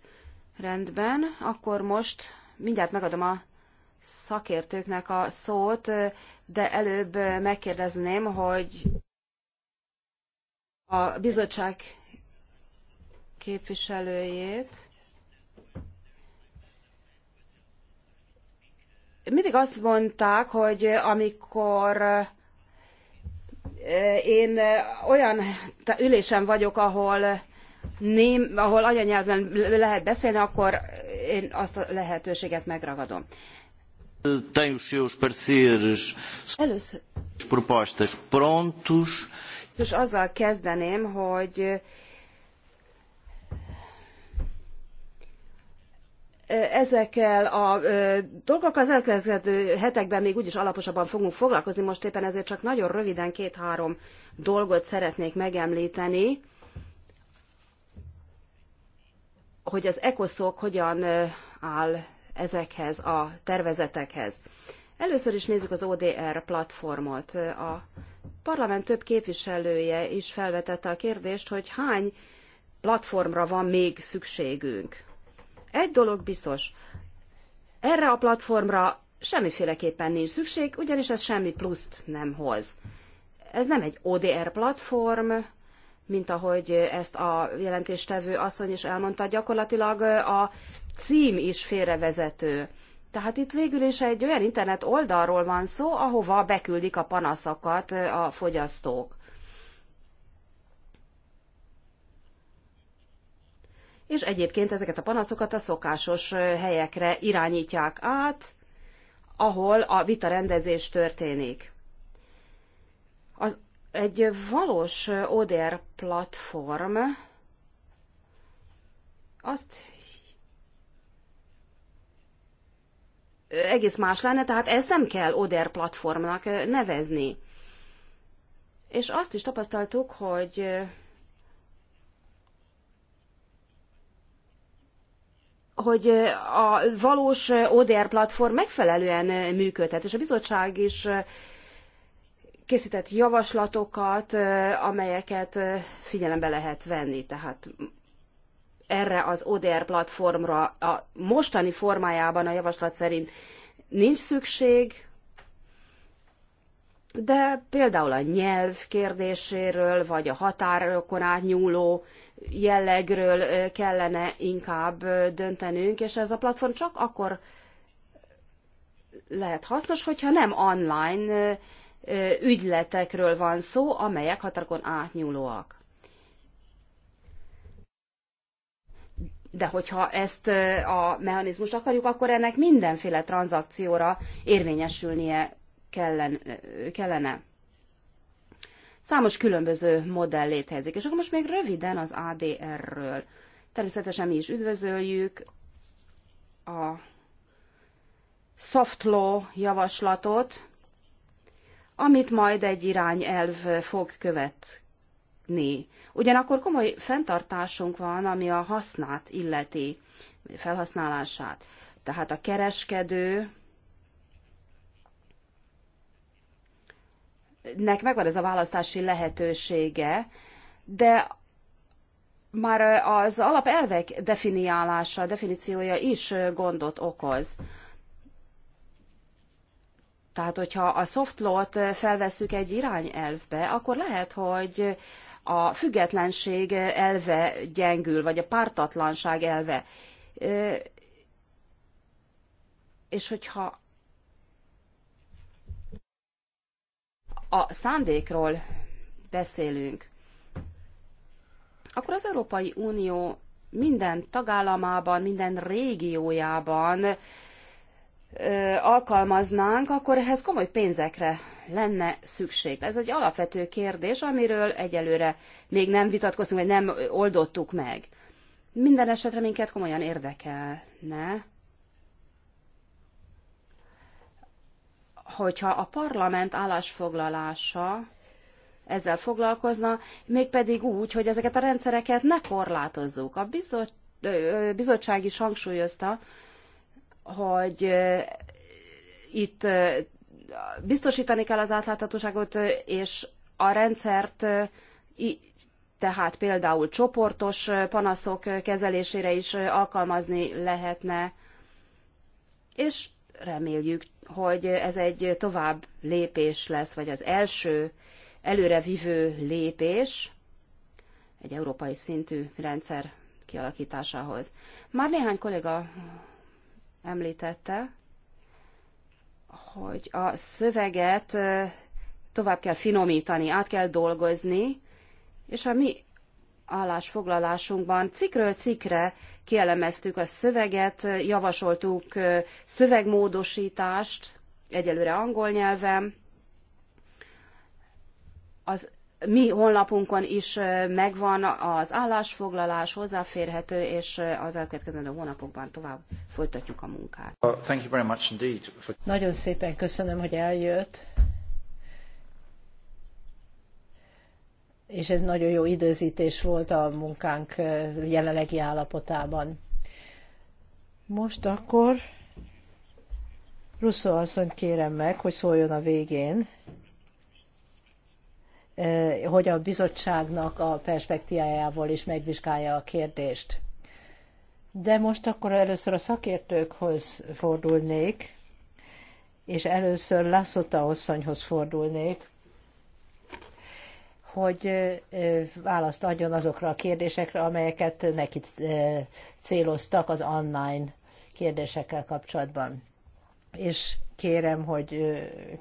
rendben, akkor most mindjárt megadom a szakértőknek a szót, de előbb megkérdezném, hogy a bizottság képviselőjét. Mindig azt mondták, hogy amikor eh, én eh, olyan ülésen vagyok, ahol ném, ahol anyanyelven lehet beszélni, akkor én azt a lehetőséget megragadom. Tem os seus pareceres, Először. propostas prontos. És azzal kezdeném, hogy ezekkel a dolgokkal az elkövetkező hetekben még úgyis alaposabban fogunk foglalkozni, most éppen ezért csak nagyon röviden két-három dolgot szeretnék megemlíteni. hogy az ECOSZOK hogyan áll ezekhez a tervezetekhez. Először is nézzük az ODR platformot. A parlament több képviselője is felvetette a kérdést, hogy hány platformra van még szükségünk. Egy dolog biztos, erre a platformra semmiféleképpen nincs szükség, ugyanis ez semmi pluszt nem hoz. Ez nem egy ODR platform, mint ahogy ezt a jelentéstevő asszony is elmondta, gyakorlatilag a cím is félrevezető. Tehát itt végül is egy olyan internet oldalról van szó, ahova beküldik a panaszokat a fogyasztók. És egyébként ezeket a panaszokat a szokásos helyekre irányítják át, ahol a vita rendezés történik. Az egy valós ODR platform azt egész más lenne, tehát ezt nem kell ODR platformnak nevezni. És azt is tapasztaltuk, hogy hogy a valós ODR platform megfelelően működhet, és a bizottság is készített javaslatokat, amelyeket figyelembe lehet venni. Tehát erre az ODR platformra a mostani formájában a javaslat szerint nincs szükség, de például a nyelv kérdéséről, vagy a határokon átnyúló jellegről kellene inkább döntenünk, és ez a platform csak akkor lehet hasznos, hogyha nem online ügyletekről van szó, amelyek határokon átnyúlóak. De hogyha ezt a mechanizmust akarjuk, akkor ennek mindenféle tranzakcióra érvényesülnie kellene. Számos különböző modell létezik. És akkor most még röviden az ADR-ről. Természetesen mi is üdvözöljük a soft law javaslatot, amit majd egy irányelv fog követni. Ugyanakkor komoly fenntartásunk van, ami a hasznát illeti, felhasználását. Tehát a kereskedő nek megvan ez a választási lehetősége, de már az alapelvek definiálása, definíciója is gondot okoz. Tehát, hogyha a soft law-t eh, felvesszük egy irányelvbe, akkor lehet, hogy a függetlenség elve gyengül, vagy a pártatlanság elve. Eh, és hogyha a szándékról beszélünk, akkor az Európai Unió minden tagállamában, minden régiójában alkalmaznánk, akkor ehhez komoly pénzekre lenne szükség. Ez egy alapvető kérdés, amiről egyelőre még nem vitatkoztunk, vagy nem oldottuk meg. Minden esetre minket komolyan érdekelne, hogyha a parlament állásfoglalása ezzel foglalkozna, mégpedig úgy, hogy ezeket a rendszereket ne korlátozzuk. A bizottság is hangsúlyozta, hogy itt biztosítani kell az átláthatóságot, és a rendszert tehát például csoportos panaszok kezelésére is alkalmazni lehetne, és reméljük, hogy ez egy tovább lépés lesz, vagy az első előrevívő lépés egy európai szintű rendszer kialakításához. Már néhány kolléga említette, hogy a szöveget tovább kell finomítani, át kell dolgozni, és a mi állásfoglalásunkban cikről cikre kielemeztük a szöveget, javasoltuk szövegmódosítást, egyelőre angol nyelven. Az mi honlapunkon is megvan az állásfoglalás, hozzáférhető, és az elkövetkezendő hónapokban tovább folytatjuk a munkát. Nagyon szépen köszönöm, hogy eljött. És ez nagyon jó időzítés volt a munkánk jelenlegi állapotában. Most akkor Russo asszonyt kérem meg, hogy szóljon a végén. Eh, hogy a bizottságnak a perspektívájával is megvizsgálja a kérdést. De most akkor először a szakértőkhöz fordulnék, és először Lasszota asszonyhoz fordulnék, hogy eh, választ adjon azokra a kérdésekre, amelyeket neki eh, céloztak az online kérdésekkel kapcsolatban és kérem, hogy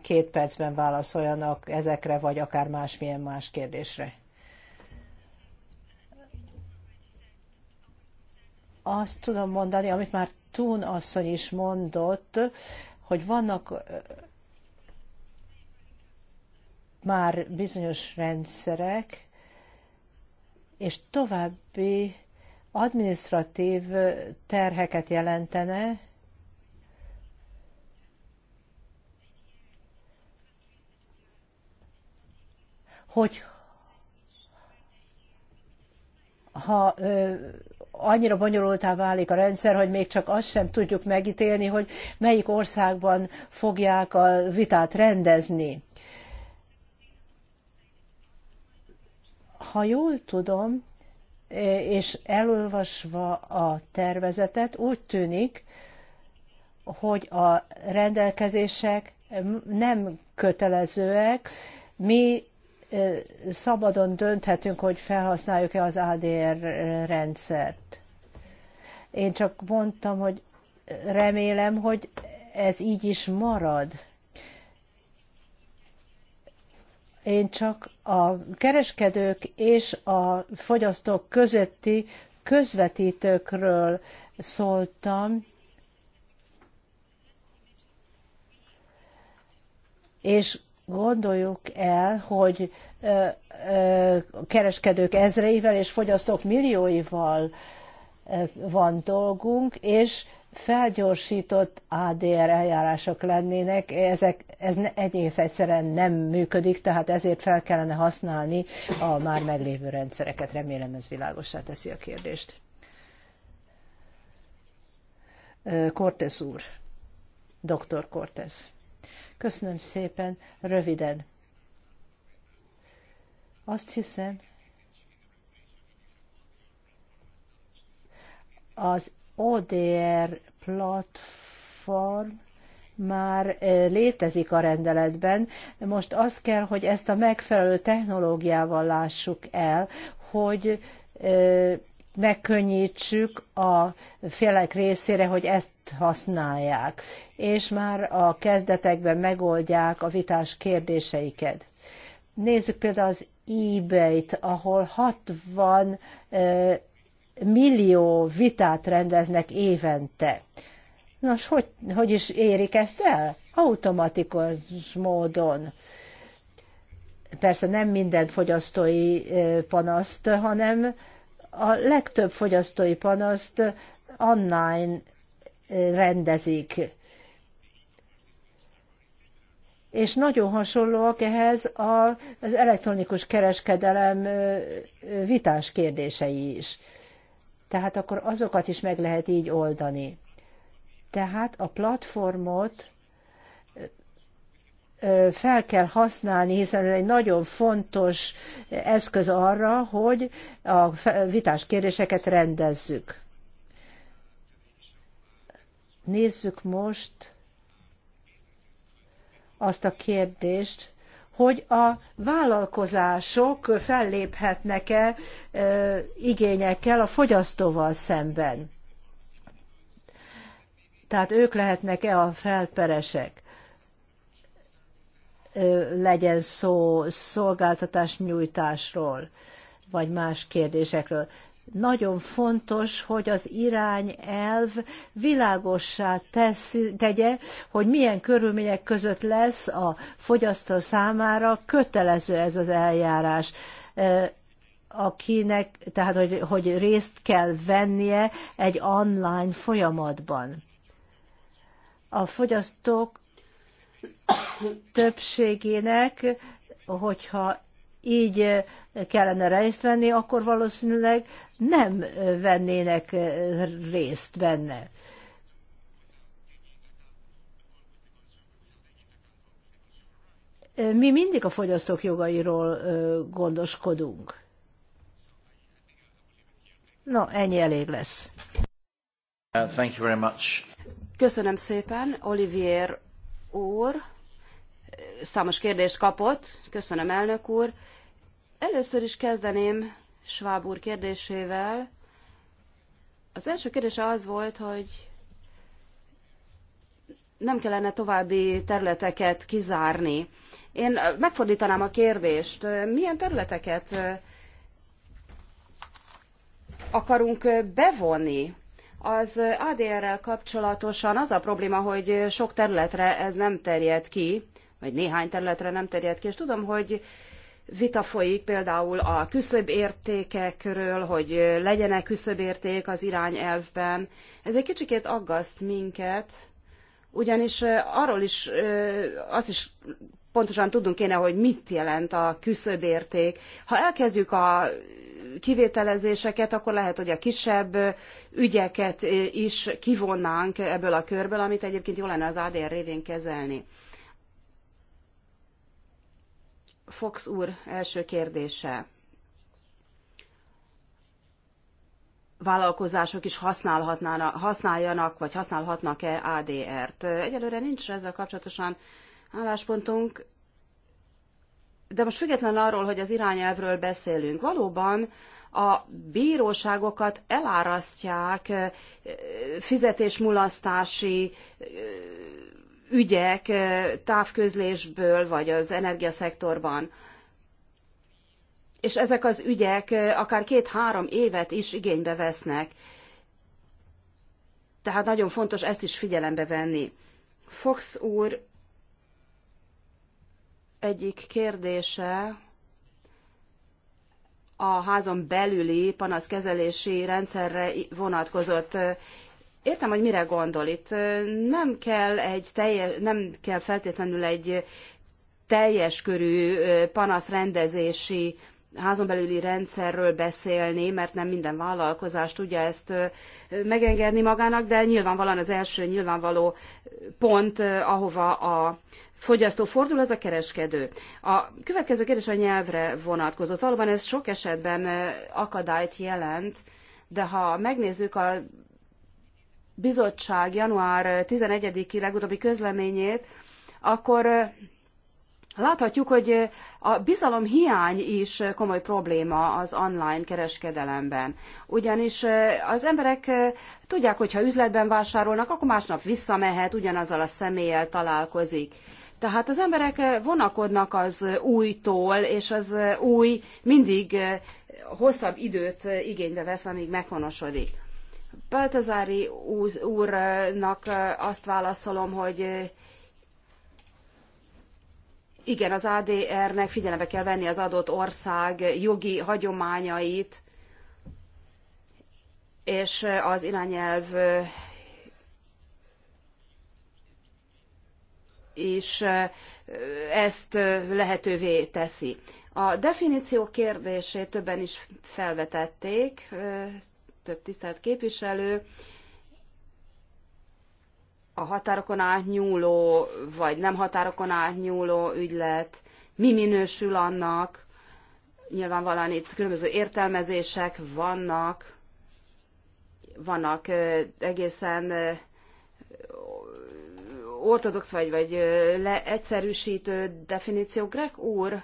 két percben válaszoljanak ezekre, vagy akár másmilyen más kérdésre. Azt tudom mondani, amit már Tún asszony is mondott, hogy vannak már bizonyos rendszerek, és további administratív terheket jelentene, hogy ha ö, annyira bonyolultá válik a rendszer, hogy még csak azt sem tudjuk megítélni, hogy melyik országban fogják a vitát rendezni. Ha jól tudom, és elolvasva a tervezetet, úgy tűnik, hogy a rendelkezések nem kötelezőek, mi szabadon dönthetünk, hogy felhasználjuk-e az ADR rendszert. Én csak mondtam, hogy remélem, hogy ez így is marad. Én csak a kereskedők és a fogyasztók közötti közvetítőkről szóltam, és Gondoljuk el, hogy kereskedők ezreivel és fogyasztók millióival van dolgunk, és felgyorsított ADR eljárások lennének, ezek, ez egész egyszerűen nem működik, tehát ezért fel kellene használni a már meglévő rendszereket. Remélem ez világosá teszi a kérdést. Cortez úr, doktor Cortez. Köszönöm szépen, röviden. Azt hiszem, az ODR platform már eh, létezik a rendeletben. Most az kell, hogy ezt a megfelelő technológiával lássuk el, hogy eh, megkönnyítsük a félek részére, hogy ezt használják, és már a kezdetekben megoldják a vitás kérdéseiket. Nézzük például az eBay-t, ahol 60 millió vitát rendeznek évente. Nos, hogy, hogy is érik ezt el? Automatikus módon persze nem minden fogyasztói panaszt, hanem a legtöbb fogyasztói panaszt online rendezik. És nagyon hasonlóak ehhez az elektronikus kereskedelem vitás kérdései is. Tehát akkor azokat is meg lehet így oldani. Tehát a platformot fel kell használni, hiszen ez egy nagyon fontos eszköz arra, hogy a vitás kérdéseket rendezzük. Nézzük most azt a kérdést, hogy a vállalkozások felléphetnek-e igényekkel a fogyasztóval szemben. Tehát ők lehetnek-e a felperesek legyen szó szolgáltatás nyújtásról, vagy más kérdésekről. Nagyon fontos, hogy az irányelv világossá tesz, tegye, hogy milyen körülmények között lesz a fogyasztó számára kötelező ez az eljárás akinek, tehát hogy, hogy részt kell vennie egy online folyamatban. A fogyasztók többségének, hogyha így kellene részt venni, akkor valószínűleg nem vennének részt benne. Mi mindig a fogyasztók jogairól gondoskodunk. No, ennyi elég lesz. Uh, Köszönöm szépen Olivier úr. Számos kérdést kapott. Köszönöm, elnök úr. Először is kezdeném Schwab úr kérdésével. Az első kérdése az volt, hogy nem kellene további területeket kizárni. Én megfordítanám a kérdést, milyen területeket akarunk bevonni az ADR-rel kapcsolatosan az a probléma, hogy sok területre ez nem terjed ki, vagy néhány területre nem terjed ki, és tudom, hogy vita folyik például a értékekről, hogy legyenek érték az irányelvben. Ez egy kicsikét aggaszt minket, ugyanis arról is, azt is pontosan tudnunk kéne, hogy mit jelent a érték. Ha elkezdjük a kivételezéseket, akkor lehet, hogy a kisebb ügyeket is kivonnánk ebből a körből, amit egyébként jó lenne az ADR révén kezelni. Fox úr első kérdése. vállalkozások is használjanak, vagy használhatnak-e ADR-t. Egyelőre nincs ezzel kapcsolatosan álláspontunk. De most független arról, hogy az irányelvről beszélünk, valóban a bíróságokat elárasztják fizetésmulasztási ügyek távközlésből, vagy az energiaszektorban. És ezek az ügyek akár két-három évet is igénybe vesznek. Tehát nagyon fontos ezt is figyelembe venni. Fox úr egyik kérdése a házon belüli panaszkezelési rendszerre vonatkozott. Értem, hogy mire gondol itt. Nem kell, egy telje, nem kell feltétlenül egy teljes körű panaszrendezési házon belüli rendszerről beszélni, mert nem minden vállalkozás tudja ezt megengedni magának, de nyilvánvalóan az első nyilvánvaló pont, ahova a fogyasztó fordul, az a kereskedő. A következő kérdés a nyelvre vonatkozott. Valóban ez sok esetben akadályt jelent, de ha megnézzük a bizottság január 11-i legutóbbi közleményét, akkor láthatjuk, hogy a bizalom hiány is komoly probléma az online kereskedelemben. Ugyanis az emberek tudják, hogy ha üzletben vásárolnak, akkor másnap visszamehet, ugyanazzal a személlyel találkozik. Tehát az emberek vonakodnak az újtól, és az új mindig hosszabb időt igénybe vesz, amíg meghonosodik. Peltezári úrnak azt válaszolom, hogy igen, az ADR-nek figyelembe kell venni az adott ország jogi hagyományait, és az irányelv is ezt lehetővé teszi. A definíció kérdését többen is felvetették, több tisztelt képviselő, a határokon átnyúló, vagy nem határokon átnyúló ügylet, mi minősül annak, nyilvánvalóan itt különböző értelmezések vannak, vannak egészen ortodox vagy, vagy leegyszerűsítő definíció Greg úrra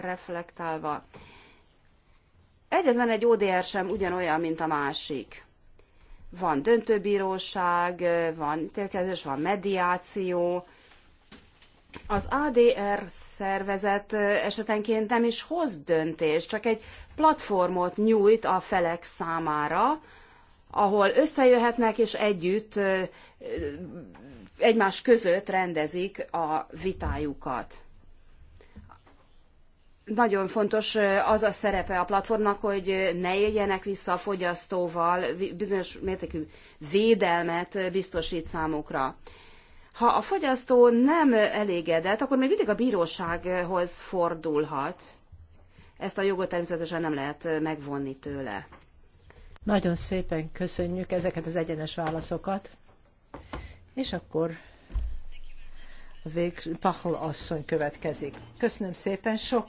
reflektálva. Egyetlen egy ODR sem ugyanolyan, mint a másik. Van döntőbíróság, van ítélkezés, van mediáció. Az ADR szervezet esetenként nem is hoz döntést, csak egy platformot nyújt a felek számára, ahol összejöhetnek és együtt egymás között rendezik a vitájukat. Nagyon fontos az a szerepe a platformnak, hogy ne éljenek vissza a fogyasztóval, bizonyos mértékű védelmet biztosít számukra. Ha a fogyasztó nem elégedett, akkor még mindig a bírósághoz fordulhat. Ezt a jogot természetesen nem lehet megvonni tőle. Nagyon szépen köszönjük ezeket az egyenes válaszokat és akkor vég, asszony következik. Köszönöm szépen, sok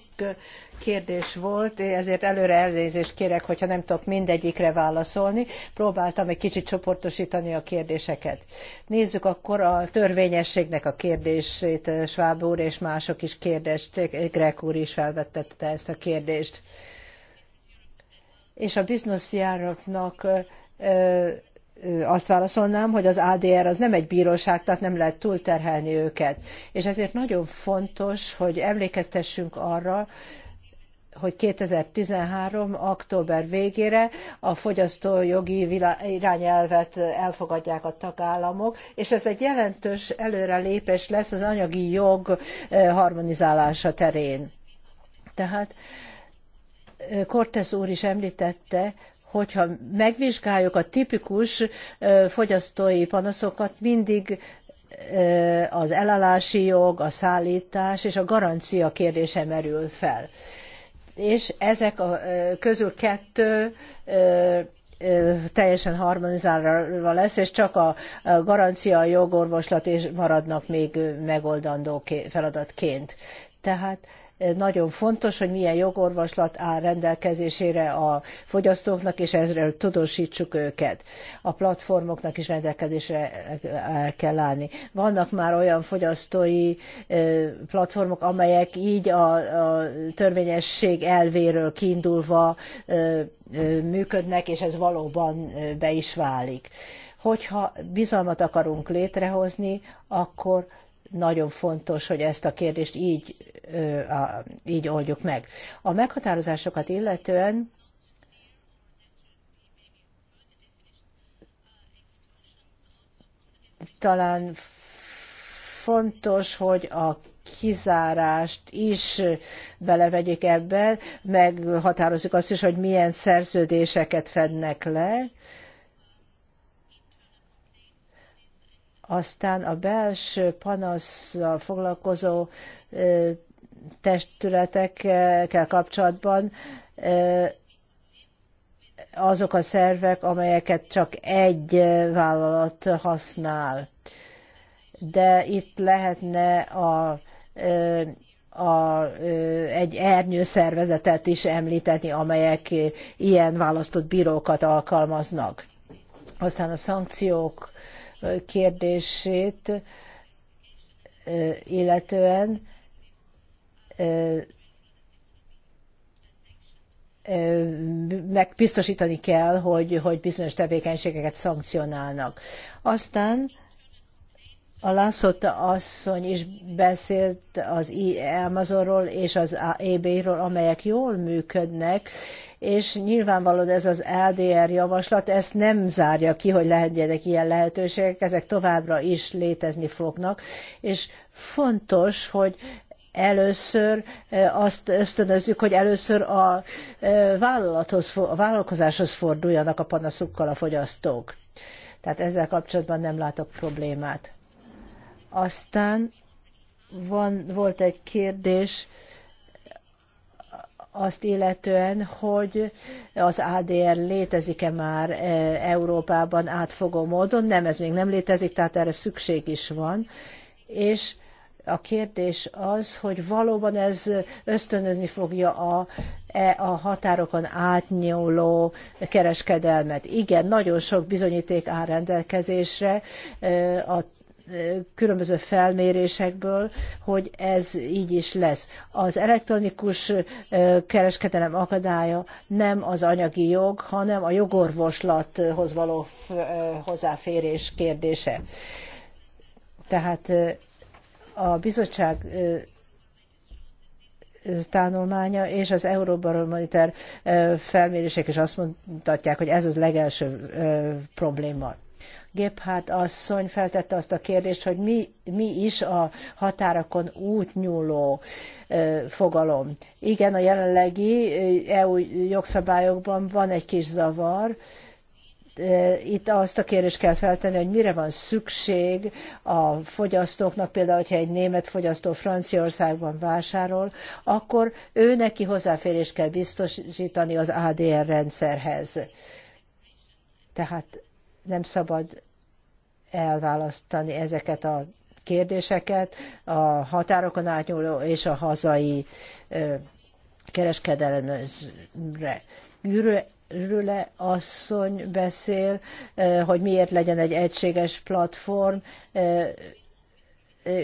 kérdés volt, ezért előre elnézést kérek, hogyha nem tudok mindegyikre válaszolni. Próbáltam egy kicsit csoportosítani a kérdéseket. Nézzük akkor a törvényességnek a kérdését, Schwab úr és mások is kérdést, Greg úr is felvettette ezt a kérdést. És a Business Europe-nak azt válaszolnám, hogy az ADR az nem egy bíróság, tehát nem lehet túlterhelni őket. És ezért nagyon fontos, hogy emlékeztessünk arra, hogy 2013. október végére a fogyasztójogi irányelvet elfogadják a tagállamok, és ez egy jelentős előrelépés lesz az anyagi jog harmonizálása terén. Tehát Cortez úr is említette, hogyha megvizsgáljuk a tipikus fogyasztói panaszokat, mindig az elállási jog, a szállítás és a garancia kérdése merül fel. És ezek a, közül kettő teljesen harmonizálva lesz, és csak a garancia, a jogorvoslat és maradnak még megoldandó feladatként. Tehát nagyon fontos, hogy milyen jogorvoslat áll rendelkezésére a fogyasztóknak, és ezről tudósítsuk őket. A platformoknak is rendelkezésre kell állni. Vannak már olyan fogyasztói platformok, amelyek így a, a törvényesség elvéről kiindulva működnek, és ez valóban be is válik hogyha bizalmat akarunk létrehozni, akkor nagyon fontos, hogy ezt a kérdést így, így oldjuk meg. A meghatározásokat illetően talán fontos, hogy a kizárást is belevegyük ebbe, meghatározzuk azt is, hogy milyen szerződéseket fednek le, Aztán a belső panaszsal foglalkozó testületekkel kapcsolatban azok a szervek, amelyeket csak egy vállalat használ. De itt lehetne a, a, egy ernyőszervezetet is említeni, amelyek ilyen választott bírókat alkalmaznak. Aztán a szankciók kérdését illetően meg biztosítani kell, hogy, hogy bizonyos tevékenységeket szankcionálnak. Aztán a Lászotta asszony is beszélt az Amazonról és az EB-ről, amelyek jól működnek, és nyilvánvalóan ez az LDR javaslat, ezt nem zárja ki, hogy legyenek ilyen lehetőségek, ezek továbbra is létezni fognak, és fontos, hogy először e, azt ösztönözzük, hogy először a, e, vállalathoz, a vállalkozáshoz forduljanak a panaszukkal a fogyasztók. Tehát ezzel kapcsolatban nem látok problémát. Aztán van, volt egy kérdés azt illetően, hogy az ADR létezik-e már e, Európában átfogó módon. Nem, ez még nem létezik, tehát erre szükség is van. És a kérdés az, hogy valóban ez ösztönözni fogja a, e, a határokon átnyúló kereskedelmet. Igen, nagyon sok bizonyíték áll rendelkezésre e, a különböző felmérésekből, hogy ez így is lesz. Az elektronikus kereskedelem akadálya nem az anyagi jog, hanem a jogorvoslathoz való hozzáférés kérdése. Tehát a bizottság tanulmánya és az Euróbarometer felmérések is azt mutatják, hogy ez az legelső probléma. Gebhardt asszony feltette azt a kérdést, hogy mi, mi is a határokon útnyúló fogalom. Igen, a jelenlegi EU jogszabályokban van egy kis zavar, itt azt a kérdést kell feltenni, hogy mire van szükség a fogyasztóknak, például, hogyha egy német fogyasztó Franciaországban vásárol, akkor ő neki hozzáférést kell biztosítani az ADR rendszerhez. Tehát nem szabad elválasztani ezeket a kérdéseket, a határokon átnyúló és a hazai kereskedelemre. Rüle asszony beszél, hogy miért legyen egy egységes platform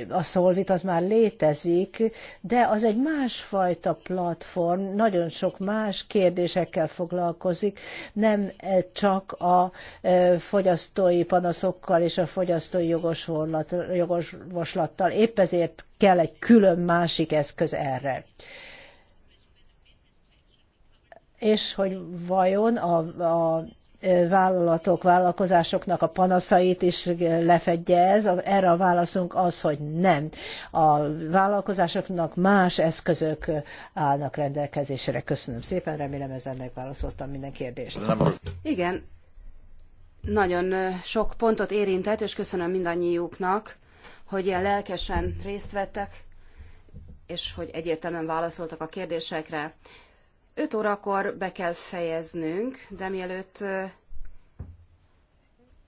a Solvit az már létezik, de az egy másfajta platform, nagyon sok más kérdésekkel foglalkozik, nem csak a fogyasztói panaszokkal és a fogyasztói jogosvoslattal. Épp ezért kell egy külön másik eszköz erre és hogy vajon a, a vállalatok, vállalkozásoknak a panaszait is lefedje ez. Erre a válaszunk az, hogy nem. A vállalkozásoknak más eszközök állnak rendelkezésre. Köszönöm szépen, remélem ezzel megválaszoltam minden kérdést. Igen, nagyon sok pontot érintett, és köszönöm mindannyiuknak, hogy ilyen lelkesen részt vettek, és hogy egyértelműen válaszoltak a kérdésekre. 5 órakor be kell fejeznünk, de mielőtt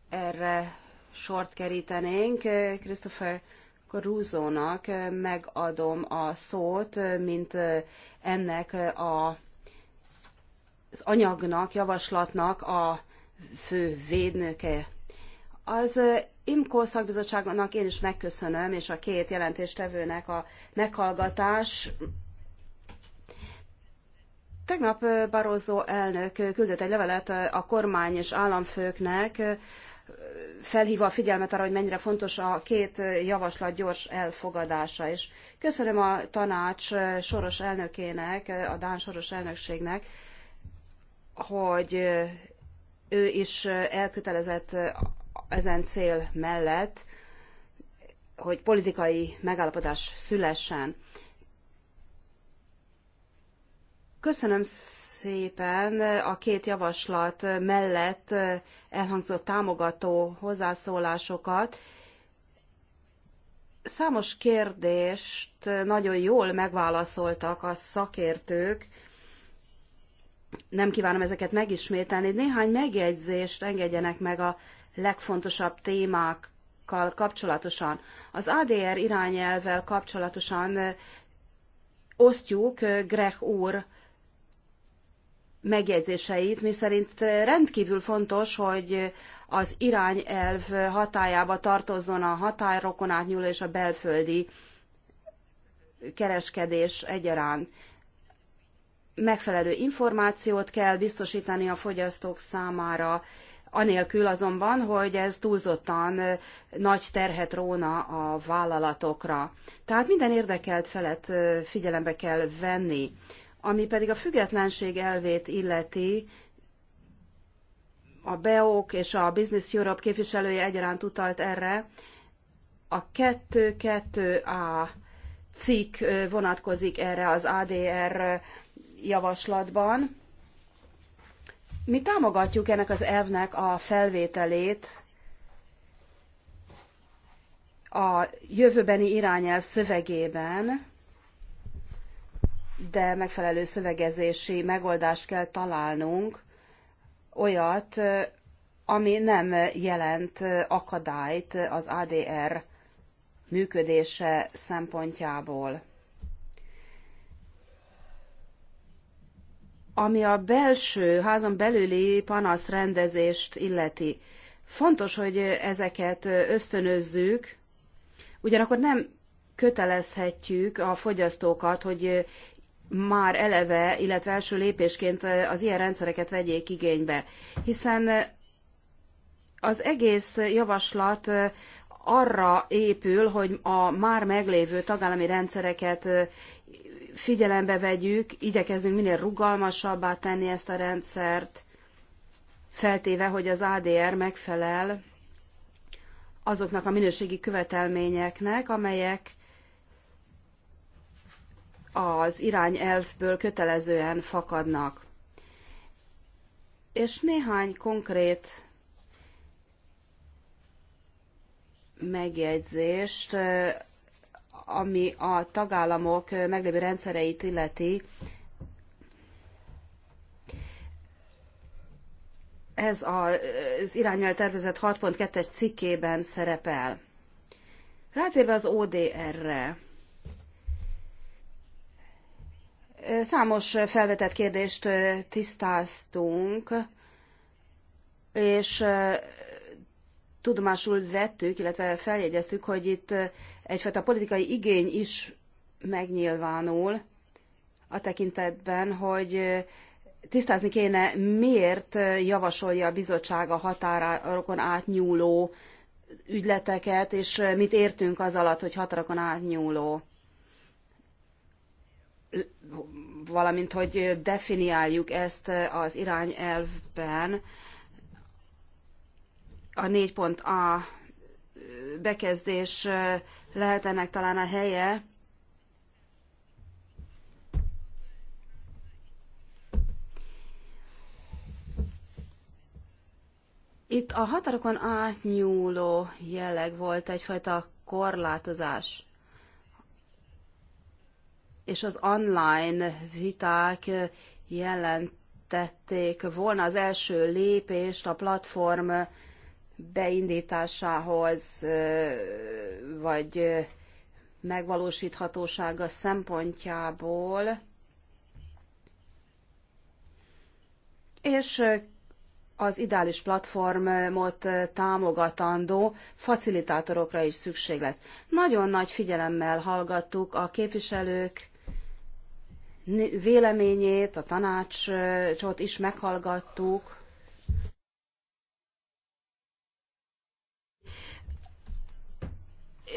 erre sort kerítenénk, Christopher Caruso-nak megadom a szót, mint ennek a, az anyagnak, javaslatnak a fő védnöke. Az IMCO szakbizottságnak én is megköszönöm, és a két jelentéstevőnek a meghallgatás Tegnap Barroso elnök küldött egy levelet a kormány és államfőknek, felhívva a figyelmet arra, hogy mennyire fontos a két javaslat gyors elfogadása. És köszönöm a tanács soros elnökének, a Dán soros elnökségnek, hogy ő is elkötelezett ezen cél mellett, hogy politikai megállapodás szülessen. Köszönöm szépen a két javaslat mellett eh, elhangzott támogató hozzászólásokat. Számos kérdést eh, nagyon jól megválaszoltak a szakértők, nem kívánom ezeket megismételni, néhány megjegyzést engedjenek meg a legfontosabb témákkal kapcsolatosan. Az ADR irányelvvel kapcsolatosan eh, osztjuk Grech úr megjegyzéseit, miszerint rendkívül fontos, hogy az irányelv hatájába tartozzon a határokon átnyúló és a belföldi kereskedés egyaránt. Megfelelő információt kell biztosítani a fogyasztók számára, anélkül azonban, hogy ez túlzottan nagy terhet róna a vállalatokra. Tehát minden érdekelt felet figyelembe kell venni. Ami pedig a függetlenség elvét illeti, a BEOK és a Business Europe képviselője egyaránt utalt erre, a 2.2a cikk vonatkozik erre az ADR javaslatban. Mi támogatjuk ennek az elvnek a felvételét a jövőbeni irányelv szövegében, de megfelelő szövegezési megoldást kell találnunk, olyat, ami nem jelent akadályt az ADR működése szempontjából. Ami a belső, házon belüli panaszrendezést illeti, fontos, hogy ezeket ösztönözzük, ugyanakkor nem kötelezhetjük a fogyasztókat, hogy már eleve, illetve első lépésként az ilyen rendszereket vegyék igénybe. Hiszen az egész javaslat arra épül, hogy a már meglévő tagállami rendszereket figyelembe vegyük, igyekezünk minél rugalmasabbá tenni ezt a rendszert, feltéve, hogy az ADR megfelel azoknak a minőségi követelményeknek, amelyek az irányelvből kötelezően fakadnak. És néhány konkrét megjegyzést, ami a tagállamok meglévő rendszereit illeti, ez az irányel tervezett 6.2-es cikkében szerepel. Rátérve az ODR-re, Számos felvetett kérdést tisztáztunk, és tudomásul vettük, illetve feljegyeztük, hogy itt egyfajta politikai igény is megnyilvánul a tekintetben, hogy tisztázni kéne, miért javasolja a bizottság a határokon átnyúló ügyleteket, és mit értünk az alatt, hogy határokon átnyúló valamint hogy definiáljuk ezt az irányelvben a 4.a bekezdés lehet ennek talán a helye. Itt a határokon átnyúló jelleg volt egyfajta korlátozás és az online viták jelentették volna az első lépést a platform beindításához, vagy megvalósíthatósága szempontjából. És az ideális platformot támogatandó facilitátorokra is szükség lesz. Nagyon nagy figyelemmel hallgattuk a képviselők véleményét, a tanácsot is meghallgattuk.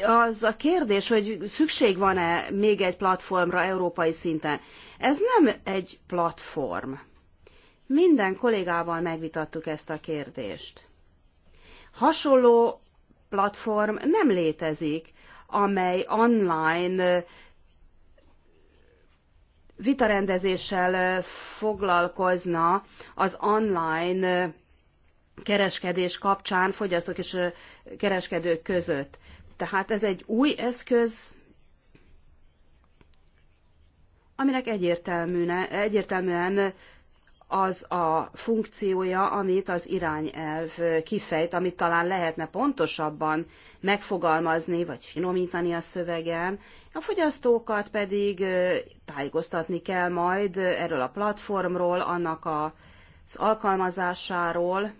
Az a kérdés, hogy szükség van-e még egy platformra európai szinten. Ez nem egy platform. Minden kollégával megvitattuk ezt a kérdést. Hasonló platform nem létezik, amely online vitarendezéssel foglalkozna az online kereskedés kapcsán fogyasztók és kereskedők között. Tehát ez egy új eszköz, aminek egyértelműen az a funkciója, amit az irányelv kifejt, amit talán lehetne pontosabban megfogalmazni, vagy finomítani a szövegen. A fogyasztókat pedig tájékoztatni kell majd erről a platformról, annak az alkalmazásáról,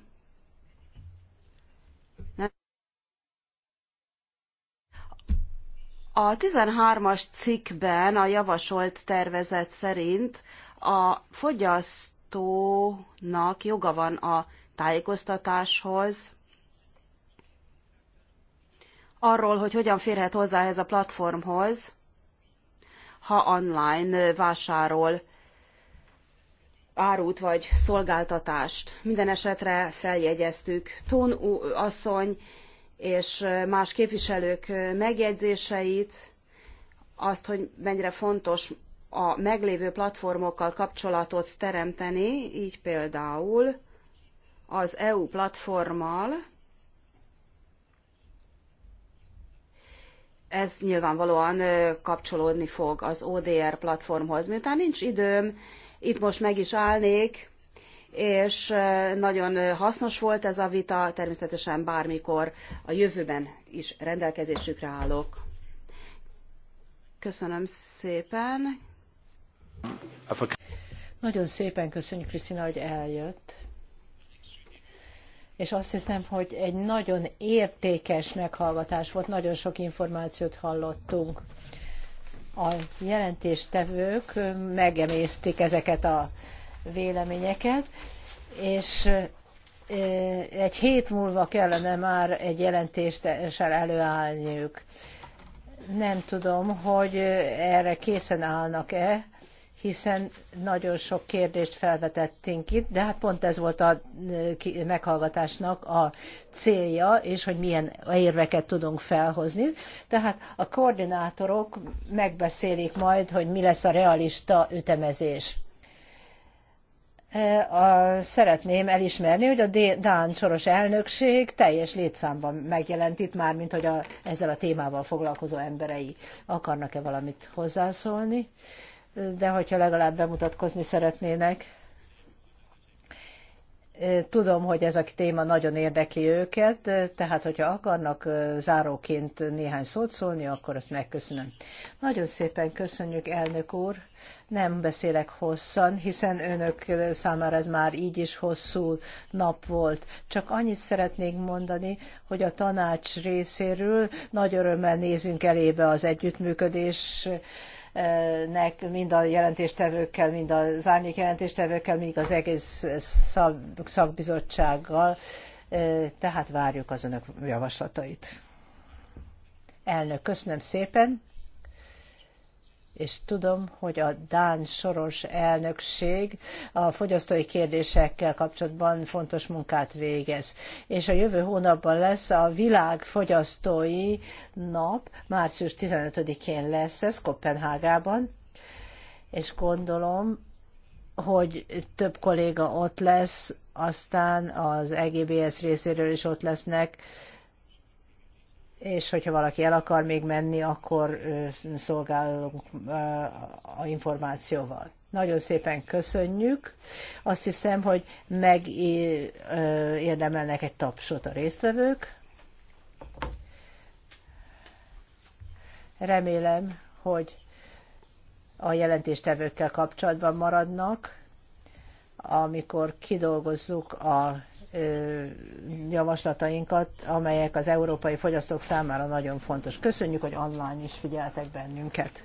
A 13-as cikkben a javasolt tervezet szerint a fogyaszt látogatónak joga van a tájékoztatáshoz, arról, hogy hogyan férhet hozzá ehhez a platformhoz, ha online vásárol árut vagy szolgáltatást. Minden esetre feljegyeztük Tón asszony és más képviselők megjegyzéseit, azt, hogy mennyire fontos a meglévő platformokkal kapcsolatot teremteni, így például az EU platformmal, ez nyilvánvalóan kapcsolódni fog az ODR platformhoz. Miután nincs időm, itt most meg is állnék, és nagyon hasznos volt ez a vita, természetesen bármikor a jövőben is rendelkezésükre állok. Köszönöm szépen. Nagyon szépen köszönjük, Krisztina, hogy eljött. És azt hiszem, hogy egy nagyon értékes meghallgatás volt, nagyon sok információt hallottunk. A jelentéstevők megemésztik ezeket a véleményeket, és egy hét múlva kellene már egy jelentéssel előállniuk. Nem tudom, hogy erre készen állnak-e, hiszen nagyon sok kérdést felvetettünk itt, de hát pont ez volt a meghallgatásnak a célja, és hogy milyen érveket tudunk felhozni. Tehát a koordinátorok megbeszélik majd, hogy mi lesz a realista ütemezés. Szeretném elismerni, hogy a Dán soros elnökség teljes létszámban megjelent itt már, mint hogy a, ezzel a témával foglalkozó emberei akarnak-e valamit hozzászólni de hogyha legalább bemutatkozni szeretnének. Tudom, hogy ez a téma nagyon érdekli őket, tehát hogyha akarnak záróként néhány szót szólni, akkor azt megköszönöm. Nagyon szépen köszönjük, elnök úr. Nem beszélek hosszan, hiszen önök számára ez már így is hosszú nap volt. Csak annyit szeretnék mondani, hogy a tanács részéről nagy örömmel nézünk elébe az együttműködés nek mind a jelentéstevőkkel, mind az árnyék jelentéstevőkkel, mind az egész szakbizottsággal, tehát várjuk az önök javaslatait. Elnök, köszönöm szépen és tudom, hogy a Dán soros elnökség a fogyasztói kérdésekkel kapcsolatban fontos munkát végez. És a jövő hónapban lesz a világ fogyasztói nap, március 15-én lesz ez Kopenhágában, és gondolom, hogy több kolléga ott lesz, aztán az EGBS részéről is ott lesznek, és hogyha valaki el akar még menni, akkor szolgálunk a információval. Nagyon szépen köszönjük. Azt hiszem, hogy megérdemelnek egy tapsot a résztvevők. Remélem, hogy a jelentéstevőkkel kapcsolatban maradnak, amikor kidolgozzuk a javaslatainkat, amelyek az európai fogyasztók számára nagyon fontos. Köszönjük, hogy online is figyeltek bennünket.